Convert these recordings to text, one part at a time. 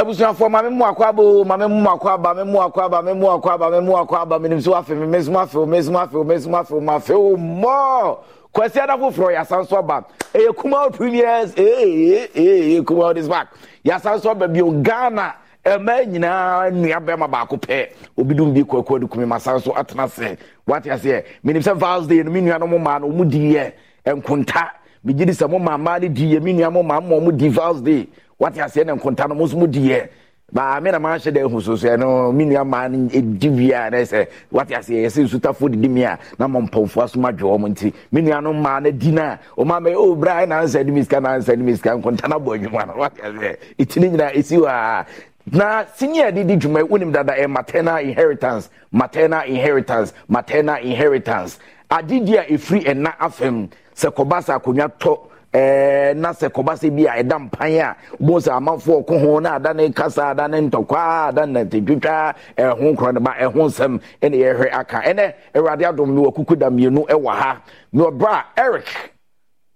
ebusuafoɔ maame mu akɔ aba o maame mu akɔ aba maame mu akɔ aba maame mu akɔ aba maame mu akɔ aba maame nso afe maame nso afe maame nso afe maame nso afe maame afe o mɔɔ kwasi adafo forɔ yasan so ɔba eye kumaw previous ee eh, ee eh, eh, kumaw this back yasan so ɔba bi o ghana ɛmɛ nyinaa nnua bɛrima baako pɛ obi dum bi kɔkɔ de kumi ma san so atena se wate aseɛ menim sɛ vals day no me nua no mo maa no ɔmo di yɛ nkonta megye di sɛ mo maa maa no di yɛ me nua mo maa mo ɔmo di vals day wate aseɛ ne nkonta no mo nso diɛ baa na maa hyɛ dɛ ehu soso ɛno mi nua maa no edi wia ne sɛ wate aseɛ yɛsɛ nsutafo didi mi a na mo mpɔnfo asoma dwe wɔn nti mi nua no maa no di oh, na ɔmo ama yɛ o bra na ansa ɛdi mi sika na ansa ɛdi mi sika nkonta na bɔ adwuma no wate aseɛ eti ne nyinaa esi hɔ na senior de di dwuma wonim dada ɛ maternal inheritance maternal inheritance maternal inheritance adidi a efiri ɛna afɛm sɛ kɔba sa akonnwa tɔ. Eh, na sɛ kɔbasa bi a ɛda e mpan a mo sɛ amanfoɔ ko ho na ada ne kasa ada ne ntɔkwa ada ne ntetwitwa ɛho e korɔ ne ba ɛho nsɛm ɛna yɛhwɛ aka ɛnɛ e awurade adom no wɔkuku da mmienu ɛwɔ ha na ɔbra eric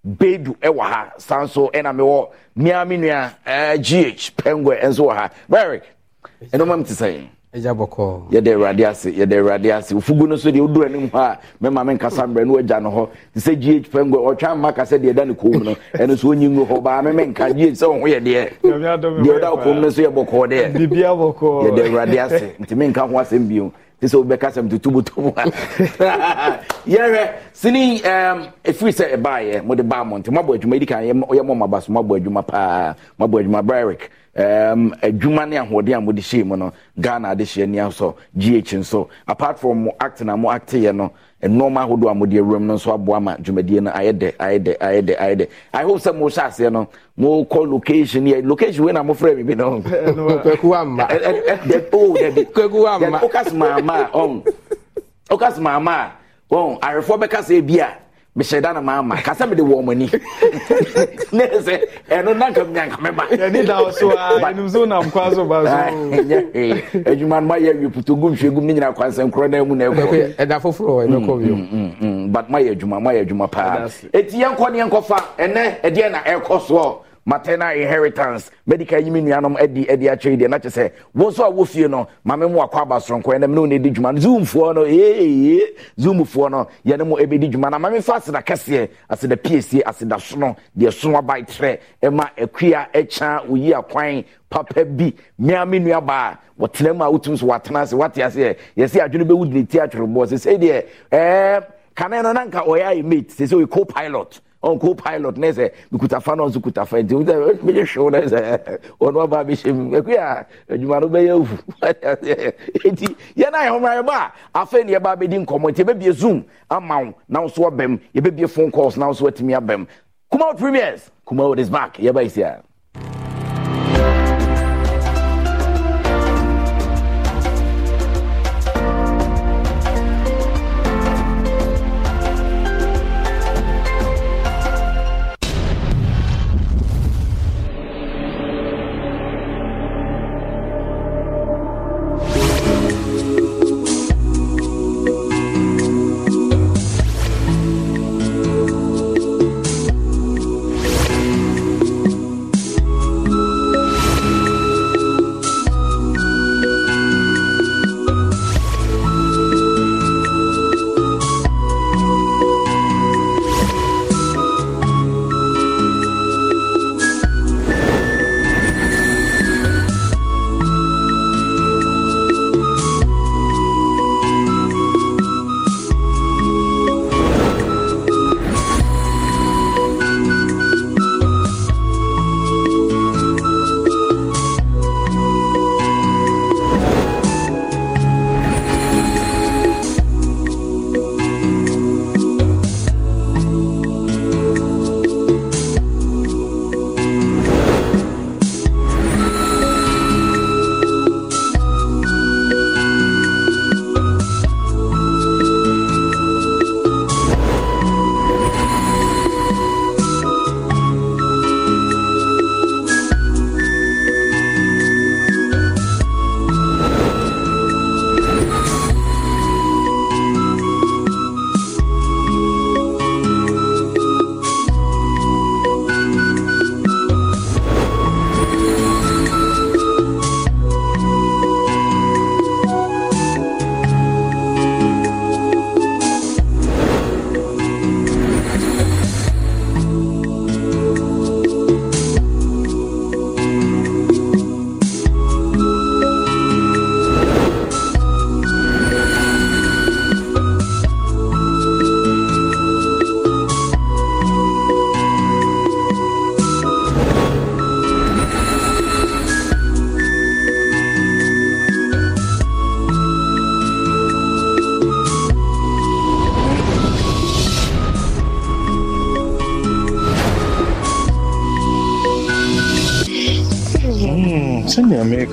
bedu ɛwɔ ha san so ɛna mewɔ mmea me nua gh eh, pengue nso wɔ ha ba eric ɛnomam te sɛn yɛde awurade ase yɛde awurade ase ofugu no so deɛ woduru anim hɔ a mɛma me nkasa mmerɛ no wagya no hɔ te sɛ gh pɛngo ɔtwa mma ka sɛ deɛ ɛda ne kɔm no ɛno so ɔnyi ngu hɔ baa me menka gh sɛ wo ho yɛ deɛ deɛ ɔda kɔm no so yɛ bɔkɔɔ deɛ yɛde awurade ase nti menka ho asɛm bio te sɛ wobɛka sɛm totomotomu a yɛhwɛ sini um, ɛfiri sɛ ɛbaeɛ mode baa mɔnte moabɔ adwuma yɛdi kan yɛmɔ maba so moabɔ adwuma paa moabɔ adwuma breric um, adwuma ne ahoɔden a mode hyɛe mu no ghana adehyeɛ nni so gh nso apart from mo act na mo acteyɛ no nneɛma ahodoɔ a mo de awuram no nso aboa ma dwumadie no ayɛ dɛ ayɛ dɛ ayɛ dɛ ayɛ dɛ i hope sɛ mo hyɛ aseɛ no mo kɔ location yɛ location wei na mo fira mi bi no. kwaku ama. o dɛbi kwaku ama. o kasi maama a ɔn o kasi maama a ɔn arefoɔ bɛka sɛ ebi mehyɛ da na maama kasa mede wɔ ɔmani ne sɛ ɛno na nka mnya nka mɛba ɛni da so a ɛnim so nam kwa so ba so ɛnyɛ hwee adwuma no mayɛ awie puto gu nhwɛ gum ne nyina kwansɛ nkorɔ na mu na ɛkɔ ɛda foforɔ ɛbɛkɔ bio mm, mm, mm, but mayɛ adwuma mayɛ adwuma paa ɛti yɛnkɔ ne yɛnkɔfa ɛnɛ ɛdeɛ na ɛkɔ soɔ maternal inheritance medical yi mi nuanom ɛdi ɛdi akyerɛ deɛ n'akyɛ sɛ wɔn nso a wofie no maame mu akɔ aba soronko ɛnam ne wɔn edi dwuma no zoom foɔ no eeeye zoom foɔ no yɛn mo ebedi dwuma na maame fa aseda kɛseɛ aseda piesie aseda sono deɛ sono aba trɛ ɛma akuya ɛkya oyi akwan papa bi mmea me nua baa wɔtena mu a wotum so watena ase wate aseɛ yɛsi adwene bɛwu de ne ti atwerɛ bɔ sɛ sɛ deɛ ɛɛ kane no nanka ɔyɛ ayɛ mate sɛ sɛ ɔyɛ co-pilot ɔnko pilot ne sɛ mekutafa no ɔnso kutafa nti eh, mɛyɛ hwew no sɛ ɔno ɔba bɛhyɛ mu ɛko a adwuma no bɛyɛ awu nti yɛn a yɛhomra yɛba a afei ne yɛba bɛdi nkɔmmɔ nti yɛbɛbie zoom ama wo na wo so abam yɛbɛbie phone calls na wo so atumi abam kumao premiers kumao is back yɛba yi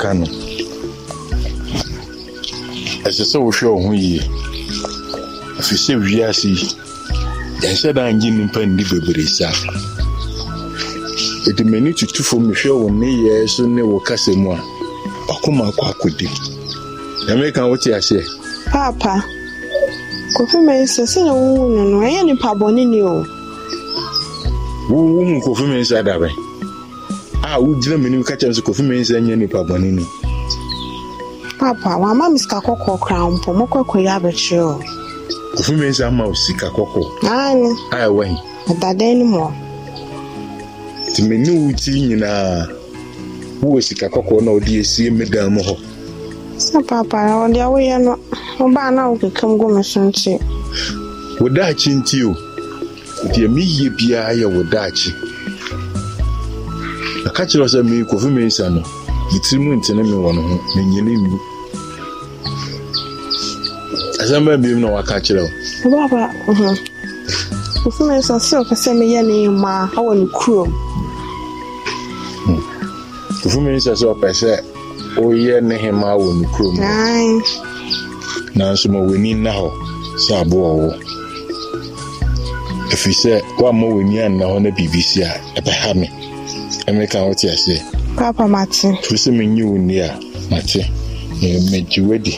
aka no ɛsɛ sɛ wohwɛ wo ho yie ɛfiri sɛ wiase yi yɛnhyɛ da ngye nnipa nni bebree saa ɛde m'ani tutu fam mehwɛ wo nneyɛɛ so ne wo kasa mu a ɔkoma akɔ akɔdim nyameka wote aseɛ paapa kofi mensa sɛne wowu no no ɛyɛ nipa bɔne ni o wowu hu kofi mensa dabɛn a udira menu kacha nso kofi menzi enye nipa bɔne no papa wama me sika ọkara mpụ mpo mokɔkɔyi abɛkyerɛ o kofi menzi ama o sika kɔkɔɔ Anyị. a ɛwɔ he ɛdadan mu ti nyinaa sika na wode esi me dan mu hɔ sɛ papa no na gu so nti nti o biara yɛ aka kyerɛ sɛ me kofi meisa no me tiri mu ntene me wɔ no ho menyene ngu asɛm baa biom na waka kyerɛ wo baba uh-huh. kofi meisa sɛ ɔpɛ sɛ meyɛ ne ma awɔ ne kurom hmm. kofi meisa sɛ ɔpɛ sɛ woyɛ ne hema wɔ ne kurom nanso ma w'ani nna hɔ sɛ aboɔ wo ɛfiri sɛ woamma w'ani anna hɔ na biribi si a ɛbɛha me ɛmɛka ɔte aseɛ papa mate firi sɛ menye wo ni a mate megye wadi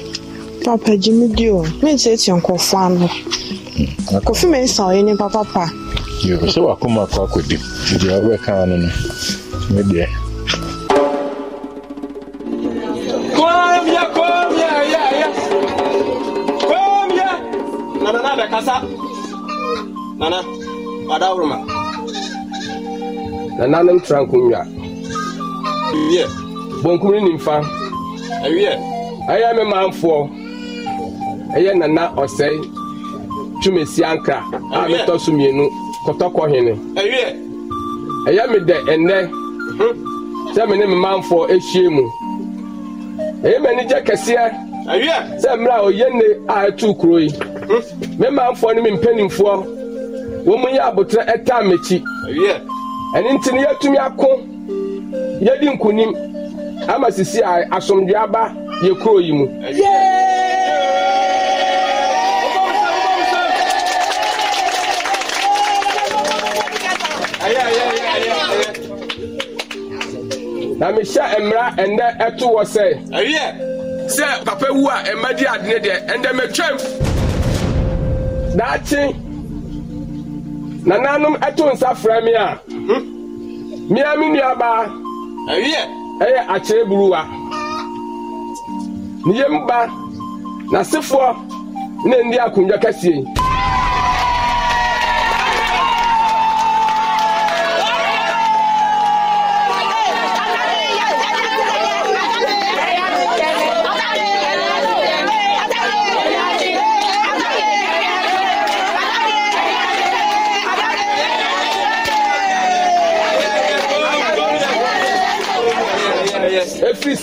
papa gye me di o mentietie nkɔfo ano hmm. kɔfi me nsa ɔyɛ nipa papa yo sɛ wakoma akɔ akɔdim deɛ wobɛkaa no no medeɛ Nana, Nana, Nana, Nana, Nana, Nana, Nana, Nana, na naanị ntụra nkonnwa bonkum ne nimfa ɛyɛ me manfoɔ ɛyɛ nana ɔsɛe twumasi ankra a metɔ so mmienu kɔtɔkɔhene ɛyɛ me dɛ ɛnnɛ hm? sɛ me ne me manfoɔ ahyia mu ɛyɛ me anigye kɛseɛ sɛ mmerɛ a ɔyɛ nne a ɛtu kuro yi hm? me manfoɔ ne me mpanimfoɔ wɔn mu yɛ abotire ɛtaa m'akyi ɛne nti no yɛatumi ako yɛdi nkonim ama sisi a asomdwe aba yɛ yi mu na mehyɛ mmara ɛndɛ ɛto wɔ sɛ ɛyɛ sɛ papa wu a ɛma di adene deɛ ɛndɛ matwam daakye nananom ɛto nsa frɛ me a mmea mi nuabaa ɛyɛ akyerɛ buruwa ne yam ba n'asefoɔ na ndi akonnwa kɛseɛ yi.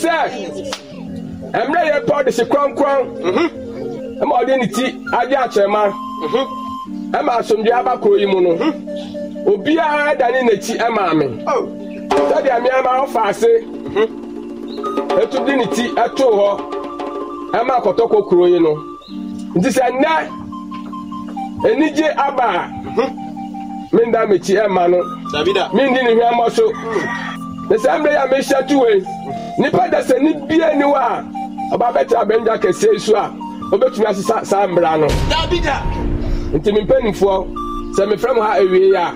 sɛ mmerɛ yɛ paul de si kronkron mhm, ma ɔde ne ti agye akyɛma mhm, ɛma asomdwe aba kuro yi mu no mhm, obiara dane n'akyi ɛmaa me oh. sɛdeɛ ama ɔfa ase ɛtu de ne ti ɛtoo hɔ ma akɔtɔkɔ kuro yi no nti sɛ nnɛ anigye aba a menda m'akyi ɛma no mendi ne hwɛ so mm. the same day a mehyɛ to wei nipa dasani bie ni wa ɔba bɛtɛ abɛnja kɛseɛ so a obetumi asesa saa mbra no. dabi da. nti mi mpanyinfoɔ sɛ mi fɛn mu ha ewie a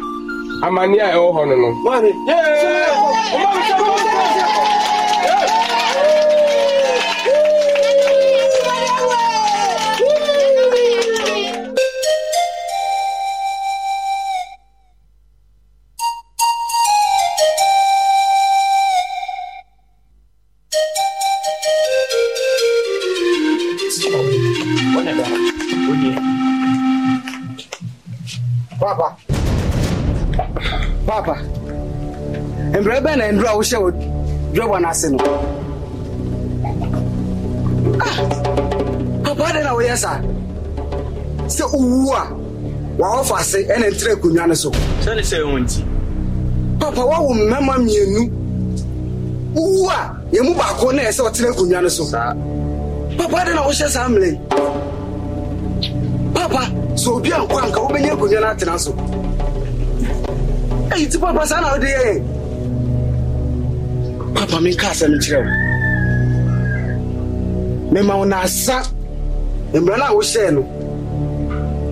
amani a ɛwɔ hɔ no no. wani yee. aba mbrɛ bɛn na ndura wohyɛ wɔ dwɛbɔ n'ase no ah! papa de na woyɛ saa sɛ owu a wɔawofa ase ɛna ntire akonnwa no so sɛne sɛ ɛho nti papa woawo mmɛma mmienu owu a yɛ mu baako na ɛsɛ ɔtena akonnwa no so papa de na wohyɛ saa mmerɛ yi papa sɛ obi ankɔ anka wobɛnya akonnwa no atena so eyi ti papa saa na ɔde yɛ yɛ papa mi nka asɛm kyerɛ wo mema wo naasa mmerɛ no a wohyɛɛ no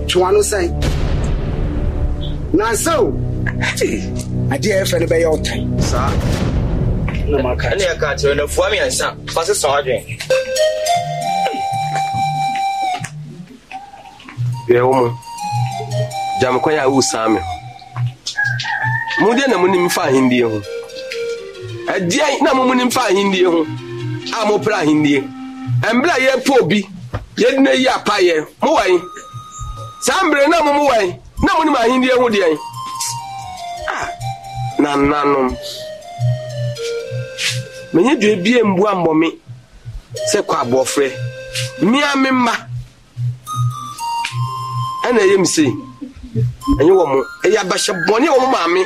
twoa no sɛn naasa o adeɛ ɛfɛ no bɛyɛ ɔtan saa ɛne yɛka kyerɛ no afua miɛnsa fa se sɛ adwen yɛwo mu gya me kwan a wosaa me ho E, mo deɛ e, na mo nim fa ahendeɛ ho ɛdeɛ na mo mo nim fa ahendeɛ ho a mo pere ahendeɛ mmerɛ a yɛpɔ obi yɛde na yi apayɛ mo wɔn saa mmerɛ na mo mo wɔn na mo nim ahendeɛ ho deɛ a nananom menye dua bie mbu ambɔme sɛ kɔ abɔfrɛ mmea me mma ɛna ɛyɛ me sei ɛnyɛ wɔ ɛyɛ abahyɛ bɔne wɔ maame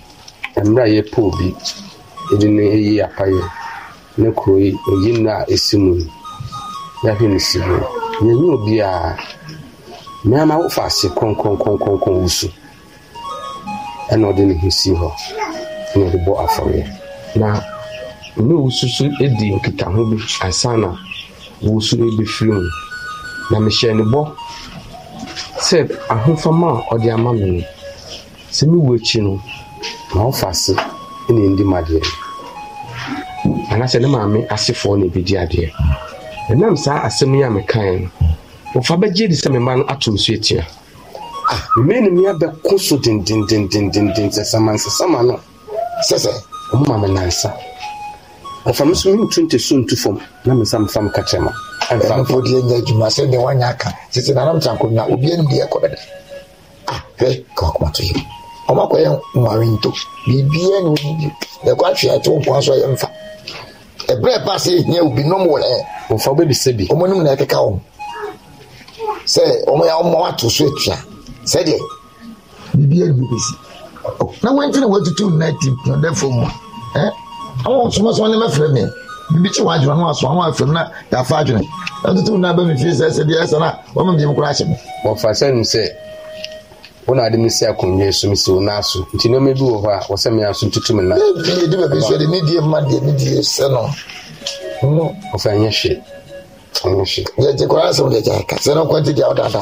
mmerɛ a yɛpɛ bi de no yi apayɛ ne kuro yi oyi nnura a ɛsi mu no yɛahwɛ no si mu yɛnyɛ a mmarima wofa ase kɔnkɔnkɔnkɔnkɔn wo so ɛna ɔde ne ho si hɔ ɛna ɔde bɔ afɔreɛ na ne wo soso di nkita bi ansa wo so na mehyɛ ne bɔ sɛ ahofama a ɔde ama me no sɛ akyi no na ɔfa ase ɛna ɛndi mu adeɛ anaasɛ ne maame asefoɔ na ebi di adeɛ ɛnam saa asɛm yi a mekan no wɔfa bɛgye di sɛ me mma no ato nsu etia ah mmea ne mmea bɛko so dendendendenden nsesama nsesama no sɛsɛ ɔmo ma me nansa ɔfa me so me ntu nte so ntu fam na me nsa me fam ka kyerɛ ma ɛnfa mpo deɛ nya adwuma sɛ deɛ wanya aka sisi nanam kyanko nya obiara mu deɛ ɛkɔ bɛdɛ ah hwɛ kawakoma to yɛ mu ɔmakɔyɛ nware nto biribia na ɔyiyi ɛkɔ atwe ɛte wo mpoa so ɛyɛ mfa ɛberɛ ɛpa sɛ ɛhia obi nom wɔ ɛ ɔfa wobɛbisa bi ɔmo nom na ɛkeka wɔm sɛ ɔmo yɛ ɔmo ato so atua sɛdeɛ biribia na bɛsi na wɔnti na wɔatutu nna ti na dɛfo mu a ɛ awɔ somasoma ne mɛfrɛ me bibi kye wɔn adwuma no aso wɔn afɛ mu na yɛafa adwene ɛtutu nna bɛ mi fie sɛ sɛ deɛ ɛsɛ na wɔn mu bi mu koraa ahyɛ mu. wɔfa sɛ nu sɛ wọn na adi mi si akonnwa yi so mi si wọn aso nti nneɛma bi wɔ hɔ a wɔsɛ mi aso tutu mi na. ne bi edi baabi so de ne die ma deɛ ne die sɛ no. ɔfɛ n yɛ hye n yɛ hye. yɛgye kora asɛm de gya ka sɛ no kwan ti gya ɔdada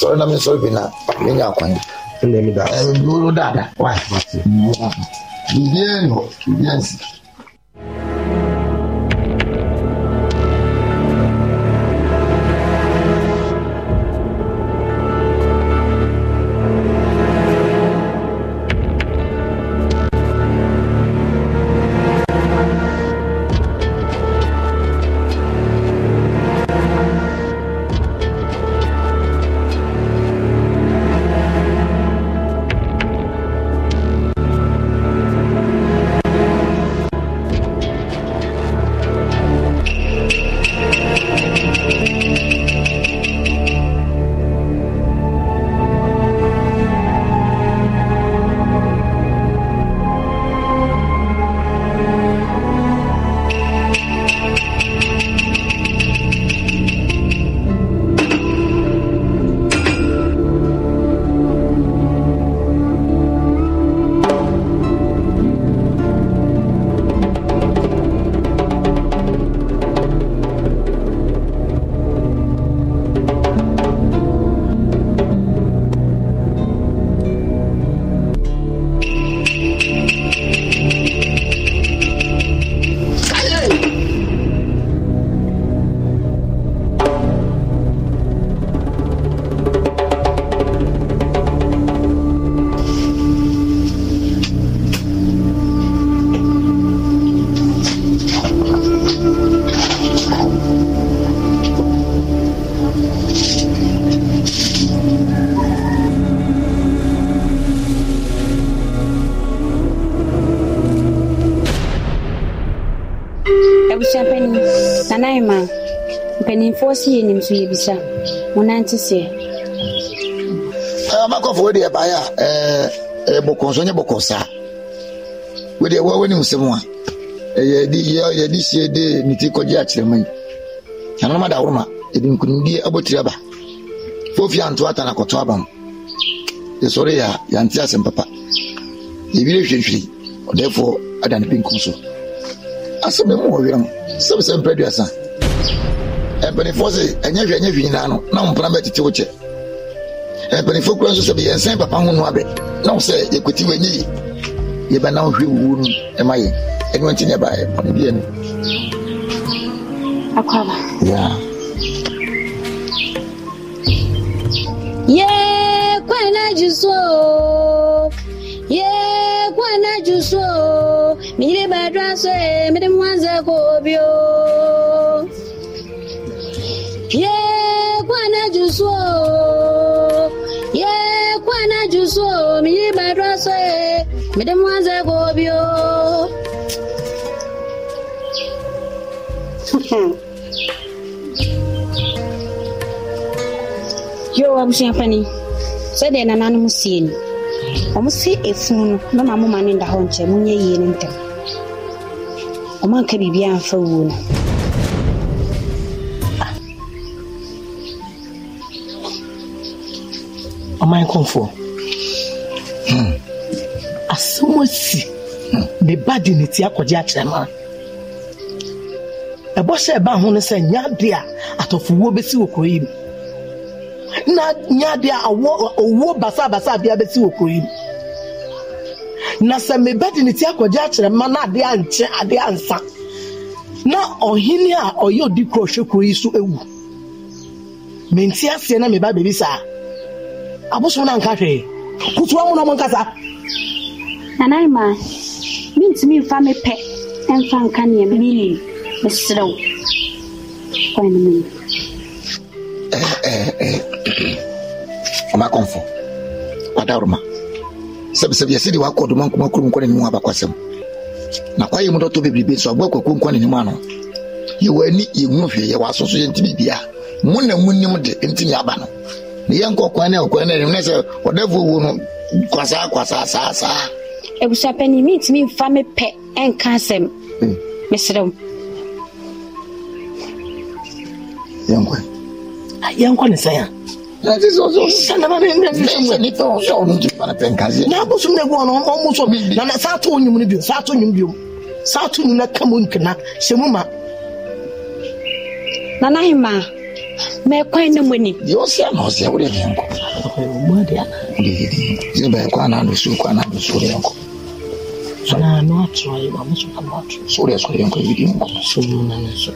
sɔrɔ na mi sɔrɔ bi na mi nya akwan. ɛnna mi da. dada wa. biribi yɛn yɔ Ah, akɔfoɔ eh, eh, eh, si yɛ nim so yɛbisa mo nante seɛ ama akɔfoɔ wei deɛ baeɛ a ɛyɛ bɔkɔ nso nyɛ bɔkɔ saa wei deɛ wɔw'anim sɛm a yɛde sie de ne ti kɔgye akyerɛma yi anonoma da woroma ɛde nkonimdie abɔtiri aba fofie anto ata na akɔto aba m yɛsɔre yɛ a yɛante asɛm papa yɛwire hwehwiri ɔdɛfoɔ ada ne benkum so asɛm ɛmu wɔ werɛm sɛbsɛ mprɛ aduasa mpanyinfoɔ sɛ ɛnyɛ hwɛ ɛnyɛ hwɛ nyinaa no na mpona bɛtete wo kyɛ mpanyinfoɔ kura nso sɛ bi yɛnsɛn papa ho no abɛ na wo sɛ yɛkɔti wɔ ɛnyɛ yie yɛbɛnam hwɛ wuo no ɛma yɛ ɛnu ɛnti ne ɛbaayɛ ɔno bi ɛnu. akwaba. yaa. yee kwana jisoo yee kwana jisoo mire badwa so ye mire mwanza ko bio. mbadde mwaze gwobyo yowa busyampani sede na nan musieni omusi efunu nonamumane ndaho nche munye yeni ntem omanka bibianfa wuno omanyi konfuo si hmm, ne ba de ne ti akɔgye akyerɛ ma ɛbɔ sɛ ɛba ho no sɛ nyaade a atɔfowuo bɛsi wɔ kuro yi mu na nyaade a awɔ owuo basabasa bia bɛsi wɔ kuro yi mu na sɛ ne ba de ne ti akɔgye akyerɛ ma na adeɛ ankyɛ adeɛ ansa na ɔhene a ɔyɛ odi kuro hwɛ kuro yi so ewu menti aseɛ na me ba beebi saa abosom na nka hwee kutuwa mu na ɔmo nkasa. nanaima mentumi mfa me pɛ ɛmfa nka neɛ menim meserɛ wo kwan no mu ɔmakɔmfo eh, eh, eh. wadaroma sɛbisɛbi yɛsɛ de wakɔ doma nkoma kurom nkɔ n'anim abakɔsɛm na kwayɛ mu dɔtɔ bebrebe nso aboa kwakuo nkɔ n'anim ano yɛwɔ ani yɛhunu hwee yɛwɔ aso so yɛnti biribia mo na mu nim de ntimi aba no na yɛnkɔ kwan no a ɔkwan no anim na sɛ ɔdafoɔ wo no kwasaa kwasaa saa saa abusuapɛni mentumi mfa me pɛ ɛnka asɛm meserɛ wo yɛnkɔ yɛnkɔ ne sɛn a n'abosom na egu ɔno ɔmo sɔ na na saa to onyim no biom saa to onyim biom saa to onyim na ka mu nkena hyɛ mu ma. nana hima mɛkwan ne mu ni. deɛ ɔsia na ɔsia wo de yɛn kɔ. ɔmo adi ana. o de yɛ di yɛ bɛn kɔ ana do so kɔ ana do so de yɛn kɔ. Sanaanu atụ anyị ma mụsụ ka mụ atụ sori asọrọ ya nkwa ebiri nkwa somu na nso.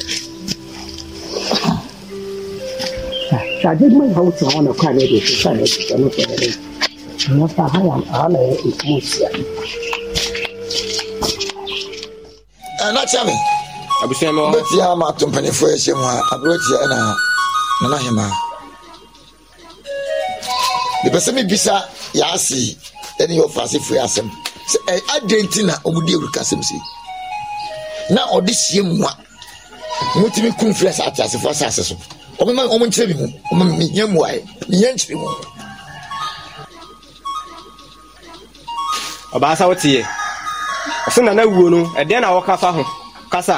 Sade ma ha otu ọnụ kwa na ebe ofufe ah, a na-eji ọnụ kpere n'ofe ha ya ha na ekumu si ya. Anakyami. Abusua mi wá. Bẹ́ẹ̀ni a máa tó mpanyinfo ẹ̀ṣẹ̀ mu a, abúlé tiẹ̀ ẹ̀ na nana hìmá. Bẹ̀pẹ̀ sẹ́mi bisa yà á sì ẹni yóò fa sí fúri sɛ adɛn nti na ɔmo di awurika asɛm sei na ɔde hyia mu a motumi kum firi asɛ ateasefoɔ asase so ɔmoma ɔmo nkyerɛ me mu ɔma mehia mmuaeɛ mehia nkyerɛ mu ɔbaasa woteɛ ɔsɛ nana wuo no ɛdeɛn na wɔkasa ho kasa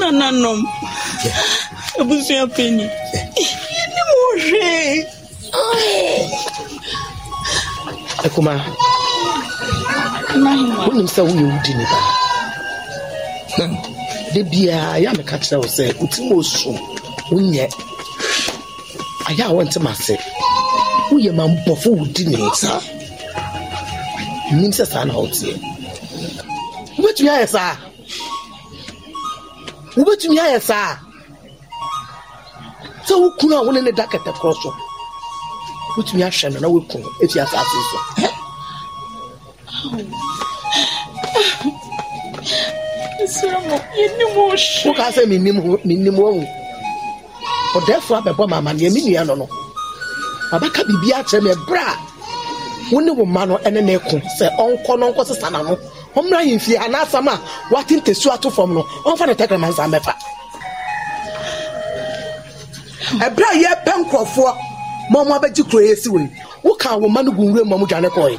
nananom abusua panyi ne mu hwee ɛkuma wonim sɛ woyɛ wodi ne ba hmm. de biaa yɛ meka kyerɛ wo sɛ wotim ɔsom wonyɛ ayɛ a wɔntem ase woyɛ ma mbɔfo wodi ne nsa nnim sɛ saa na woteɛ wobɛtumi ayɛ saa wobɛtumi ayɛ saa sɛ wo kunu a wone ne da kɛtɛkorɔ so wotumi ahwɛ no na wokum efi asase so. woka sɛ menim wɔ wo ɔdɛfo abɛbɔ mama neɛ me nua no no wabɛka biribi akyerɛ me ɛberɛ a wo ne wo ma no ɛne ne ko sɛ ɔnkɔ no ɔnkɔ sesa na no ɔmmra yɛmfie anaasam a wate ntasu ato fam no ɔmfa ne tɛkrɛma nsa mbɛfa ɛberɛ a yɛpɛ nkurɔfoɔ ma ɔmo abɛgye kuro yɛ si wei woka awoma no gu nwura mu a ɔmo dwane kɔɛ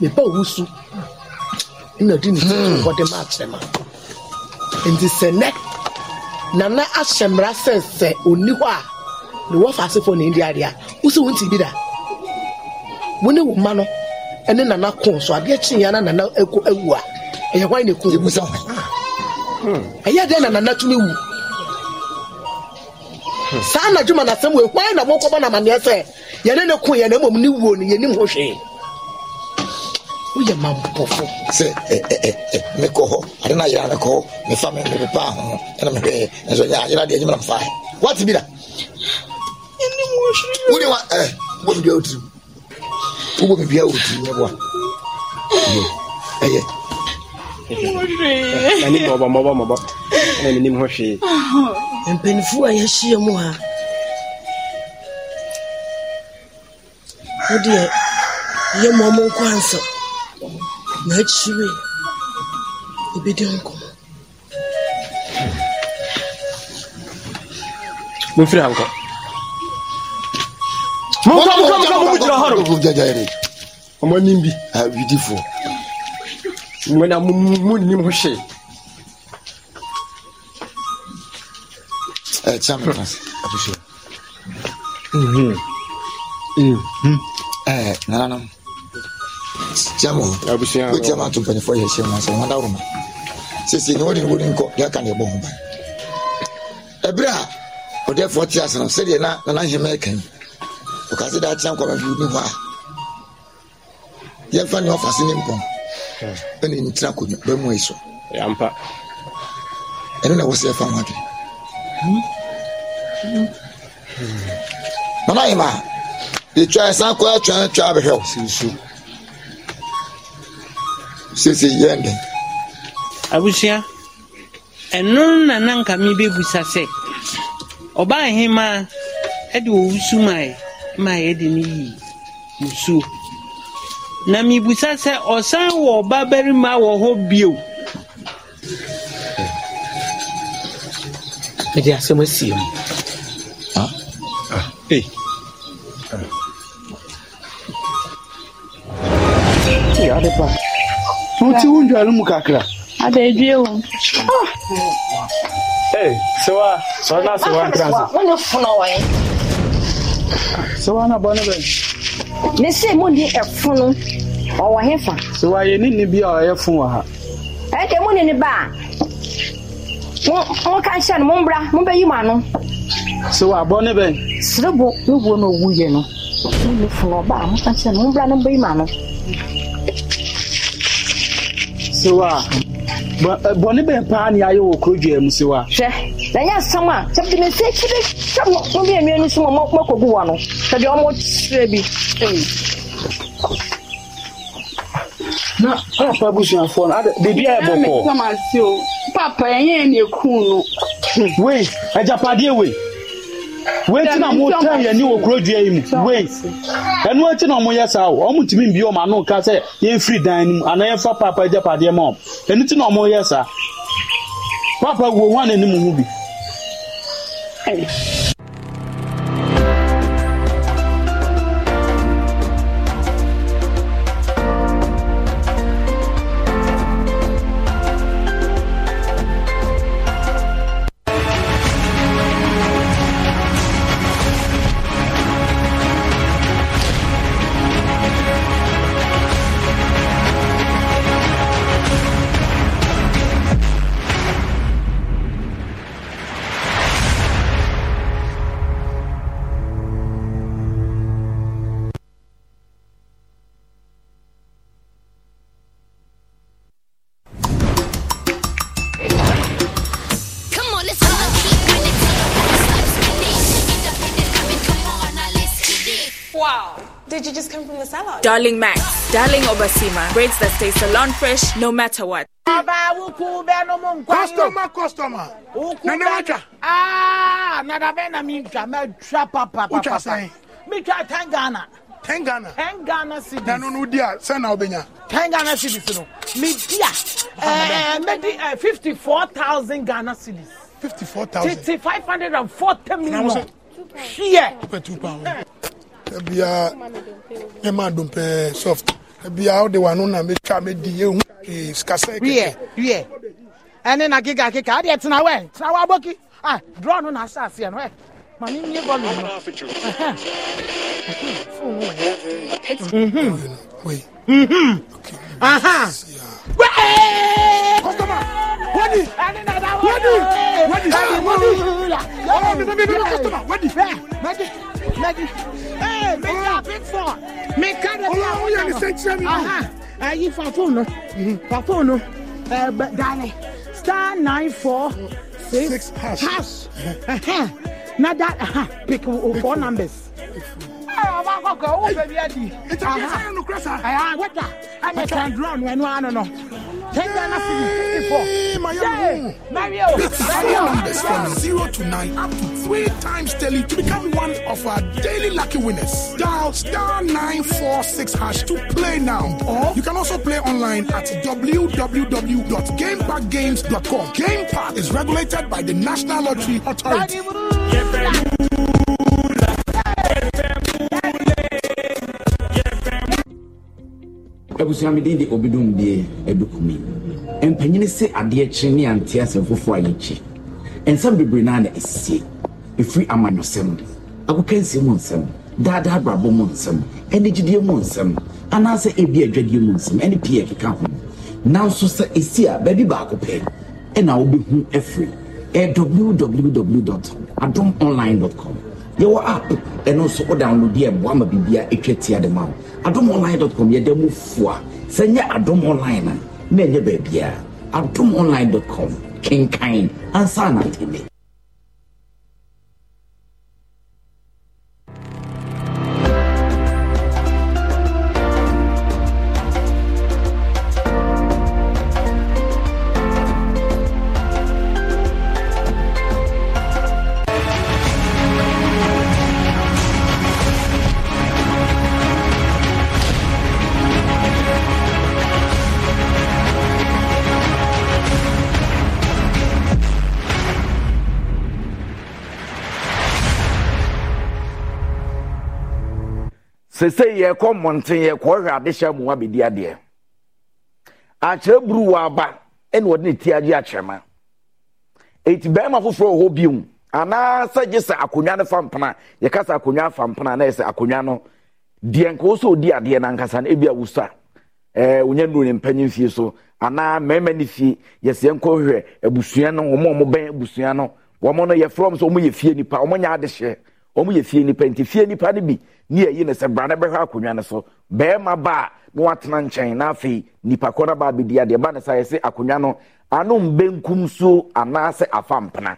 meba owu so ɛna di nti nana ahyɛ mmara sɛ sɛ onni hɔ a na wɔfa asefo a bi da ma no ɛne nana ya na nana ewu a ɛyɛ na na nana iwu. saa anadwo ma n'asɛm wɔ hwan na wɔkɔbɔ n'amaneɛ sɛ yɛne ne ko yɛ na mmom ne wuo no yɛnim ho hwee woyɛ mampɔfo sɛ mekɔ hɔ ade no ayera mekɔ hɔ mefa me mepepaa ho ɛna mehwɛɛ ɛnso nyɛ ayera deɛ agyemana mfa wate bi da wode wa wobɔ mebia wotirim wobɔ mebia wotirim ɛboa ɛyɛ ɛna menim ho hwee ah, mpanimfoɔ a yɛahyia mu ha wodeɛ yɛ mu ɔmo nkɔ ansa na akyire ɛbɛdi nkɔmmɔ momfiri ha nkɔ monkɔ monkɔ monkɔ mo mu gyina hɔ no ɔmo anim bi widifoɔ mona monim ho hwee ẹ tí a mi kan àtúnṣe. ẹ nana tí a mọ̀ o tí a máa tún pẹ̀lú fọ́ yẹ ṣe wọn sọ wọn dáwọ̀ mọ́ sese ni wọ́n di ni wọ́n di nkọ́ yà kàn ní ẹ̀bọ̀ wọn báyìí. ẹ̀bírà ọ̀dẹ́ fọ́ tí a sọ̀rọ̀ sẹ́díẹ̀ náà nana yẹn mẹ́ẹ̀kẹ́ yìí ɔkase da akyerɛ nkɔmɔ bi ne hɔ a yɛmfa ne ɔfa se ne mpɔn ɛne ntena akonnwa bɛmu yi so ɛno na ɛwɔ sɛ yɛfa ho adwene mana ima itwa san chọọ atwa atwa abɛhwɛ sinsu sisi yɛn de. abusua ɛno na na nka mi bɛ busa sɛ ɔbaa hema ɛde owusu maɛ ma de ne yi na mi sɛ ɔsan wɔ barima wɔ hɔ mede asɛm asie mu ade ba no mu kakra ada adwie wo ɔwɔ he fa sewa ne ne bi a ɔyɛ fo wɔ ha ɛkɛ mu ne ne ba wọn ka nhyɛ no mombra mombɛyi mu ano sɛ wɔabɔ ne bɛn serebo ne wuo no ɔwu yɛ no ne funu ɔba a moka nhyɛ no mombra no mombɛyi mu ano sewa bɔne bɛn paa ne ayɛ wɔ kuro dua mu sewa hwɛ na ɛnyɛ asɛm a sɛ de mesi akyire sɛ mo mmiammienu so mɔ mɔkɔgu wɔ no sɛ deɛ ɔmɔ kyerɛ bi na papa abusuafoɔ no ada beebi a ɛbɔ kɔ. ɛna mi se o papa ɛyɛ ɛna ekun no. Hmm, wei agyapadeɛ wei wei ti na mo tɛn yɛn ni wɔ kuro dua yi mu wei ɛnu eti na ɔmo yɛ saa o ɔmo tumi bi ɔmo ano ka sɛ yɛn firi dan nim ana yɛn fa papa agyapadeɛ ma ɔmo ɛnu ti na ɔmo yɛ saa papa wo wɔn anim ho bi. Wow. Did you just come from the salon? Darling Max, Darling Obasima. Braids that stay salon fresh no matter what. Customer, customer. Nana wacha. Ah, nada vena mi twa me twa papa papa. Ucha sai. Mi twa tangana. Tangana. Tangana city. Nanu no dia, say na obenya. Tangana city no. Mi dia. Eh, me di eh, 54,000 Ghana cedis. 54,000. 540 million. Here. 2 pound. Eh. ebia ɛma dompɛ soft ebia ɔde wa no na metwa medi ehu sikasɛ kɛkɛ. wiɛ wiɛ ɛne na kika kika adeɛ tena wɛ tena aboki ah draw na asa aseɛ kọ́sítọ́mà wọ́dì wọ́dì wọ́dì wọ́dì wọ́dì kọ́sítọ́mà wọ́dì. mẹ́gì mẹ́gì ee mi ka big four mi ka de bi àwọn yẹn ni sẹ́ńtírẹ́ mi. ayi fa fóònù mm-hmm. fa fóònù dalẹ̀ star nine four six hash na that pick four numbers. Numbers from zero to nine up to three times daily to become one of our daily lucky winners. Dial star nine four six hash to play now, or you can also play online at www.gamepackgames.com. Game Park is regulated by the National Lottery Authority. abusua mi din de obidum die adukumi mpanyini se adeɛ kyerɛ ne ante asɛm foforɔ a yɛkyi nsɛm bebree naa na ɛsie ɛfiri amanyɔsɛm agokansie mu nsɛm daadaa abrabɔ mu nsɛm ɛne gyidie mu nsɛm anaasɛ ebi adwadie mu nsɛm ɛne pii ɛkeka ho nanso sɛ ɛsi a baabi baako pɛ ɛna wobɛhu ɛfiri ɛɛ www adomonline com yɛwɔ app ɛno nso wo download yɛ boa ma biribia ɛtwa tia de ma wo adom online dot com yɛda mu fua sɛ nyɛ adom online a na ɛnyɛ baabiaa adom online dot com kenkan ansa anantɛne sese yɛkɔ mmɔnten yɛkɔhwɛ adehyɛ mu abɛdi adeɛ akyerɛ buru wɔ aba ɛna wɔde ne ti agye akyerɛma eti bɛrima foforɔ wɔ hɔ bio anaasɛ gye sɛ akonnwa no fa mpena yɛkasa akonnwa fa mpena na yɛsɛ akonnwa no deɛ nka wosɛ odi adeɛ no ankasa no ebi awusa ɛɛ wonya nnuro ne mpanyin fie so anaa mmarima ne fie yɛsɛ nkɔhwɛ abusua no wɔn a wɔbɛn abusua no wɔn no yɛfrɛ wɔn sɛ wɔn yɛ fie nipa wɔn nyɛ adehyɛ wɔn yɛ fie nipa nti fie nipa no bi ni yɛyi ne sɛ brada bɛhwɛ akonnwa no so bɛrima ba a na watena nkyɛn na nipa kɔ no ba abɛdi adeɛ ba ne sa yɛsɛ akonnwa no ano mbenkum so anaasɛ afa mpena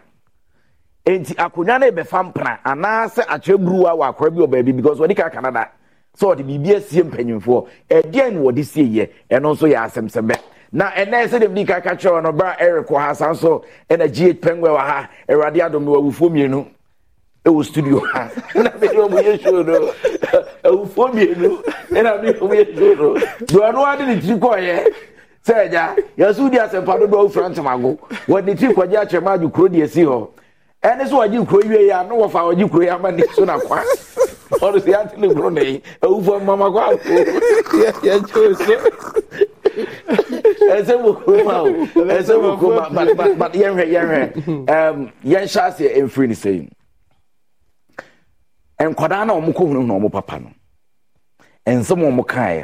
nti akonnwa no bɛfa mpena anaasɛ akyerɛburuwa wɔ akora bi wɔ baabi because wɔde ka kanada sɛ ɔde biribi asie mpanyimfoɔ ɛdeɛ no wɔde sie yɛ ɛno nso yɛ asɛmsɛmɛ na ɛnɛ sɛ david kaka kyerɛ no bra ɛrekɔ ha sa ɛna gh penguɛ wɔ ha awurade adom no wawufoɔ mmienu ɛwɔ studio ha ɛna mi ni ɔmu yɛ show no ɛwufo mienu ɛna mi ni ɔmu yɛ show no duwanu adi ni ti kɔ yɛ sɛ ɛgya yɛsu di asɛmpa dodo awo fura ntomago wɔde ti kɔgye akyerɛma adu kuro deɛ si hɔ ɛne so wɔgye kuro yie yɛ ano wɔfa wɔgye kuro yɛ ama ne so na kwa ɔno sɛ yɛate ne kuro ne ɛwufo mama kɔ ako yɛkyɛw so ɛsɛ mu kuroma o ɛsɛ mu kuroma but but yɛnhwɛ yɛnhwɛ yɛnhyɛ aseɛ ɛmfiri ne sɛ nkwadaa na ɔmo kɔhunu na ɔmo papa no nsɛm ɔmo kaeɛ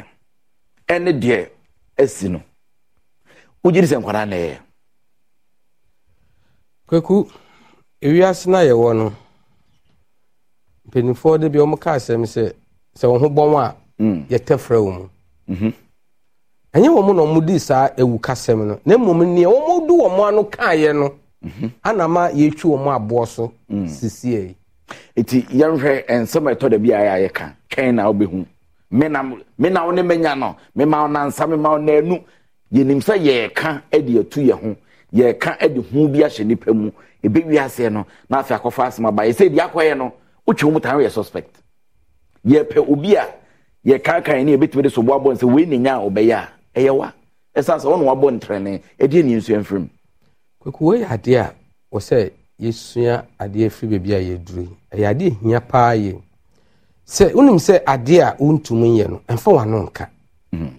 ɛne deɛ ɛsi no wogye di sɛ nkwadaa na ɛyɛ. kwaku ewiase na yɛwɔ no mpanimfoɔ de bi ɔmo ka asɛm sɛ sɛ wɔn ho bɔn a mm. yɛtɛ frɛ wɔn mhm. ɛnyɛ wɔn na wɔn di saa ewu kasɛm no na mmom nea wɔn du wɔn ano kaeɛ no mhm. anama yɛtwi wɔn aboɔ so mm. sisie yi. Eti yɛnhwɛ eh, nsɛm ɛtɔ da bi a ka twɛn na wobɛhu menam menaw ne menya no mema wo nansa mema wo naanu yɛnim sɛ yɛɛka de atu yɛ ho yɛɛka e hu bi ahyɛ nnipa mu ɛbɛwi e no na afei akɔfa asɛm aba yɛsɛ e di akɔyɛ no wotwe mu tan yɛ suspect yɛpɛ obi a yɛkankan ne yɛbɛtumi de so boabɔ sɛ wei ne nya a wɔbɛyɛ a ɛyɛ wa ɛsiane sɛ wabɔ ntrɛne ɛdeɛ nsuamfirim kwakuwei adeɛ a yɛsua adeɛ firi baabi a yɛduru yi ɛyɛ adeɛ hia paa yɛ sɛ wonim sɛ adeɛ a wontumi yɛ no ɛmfa wano nka mhm.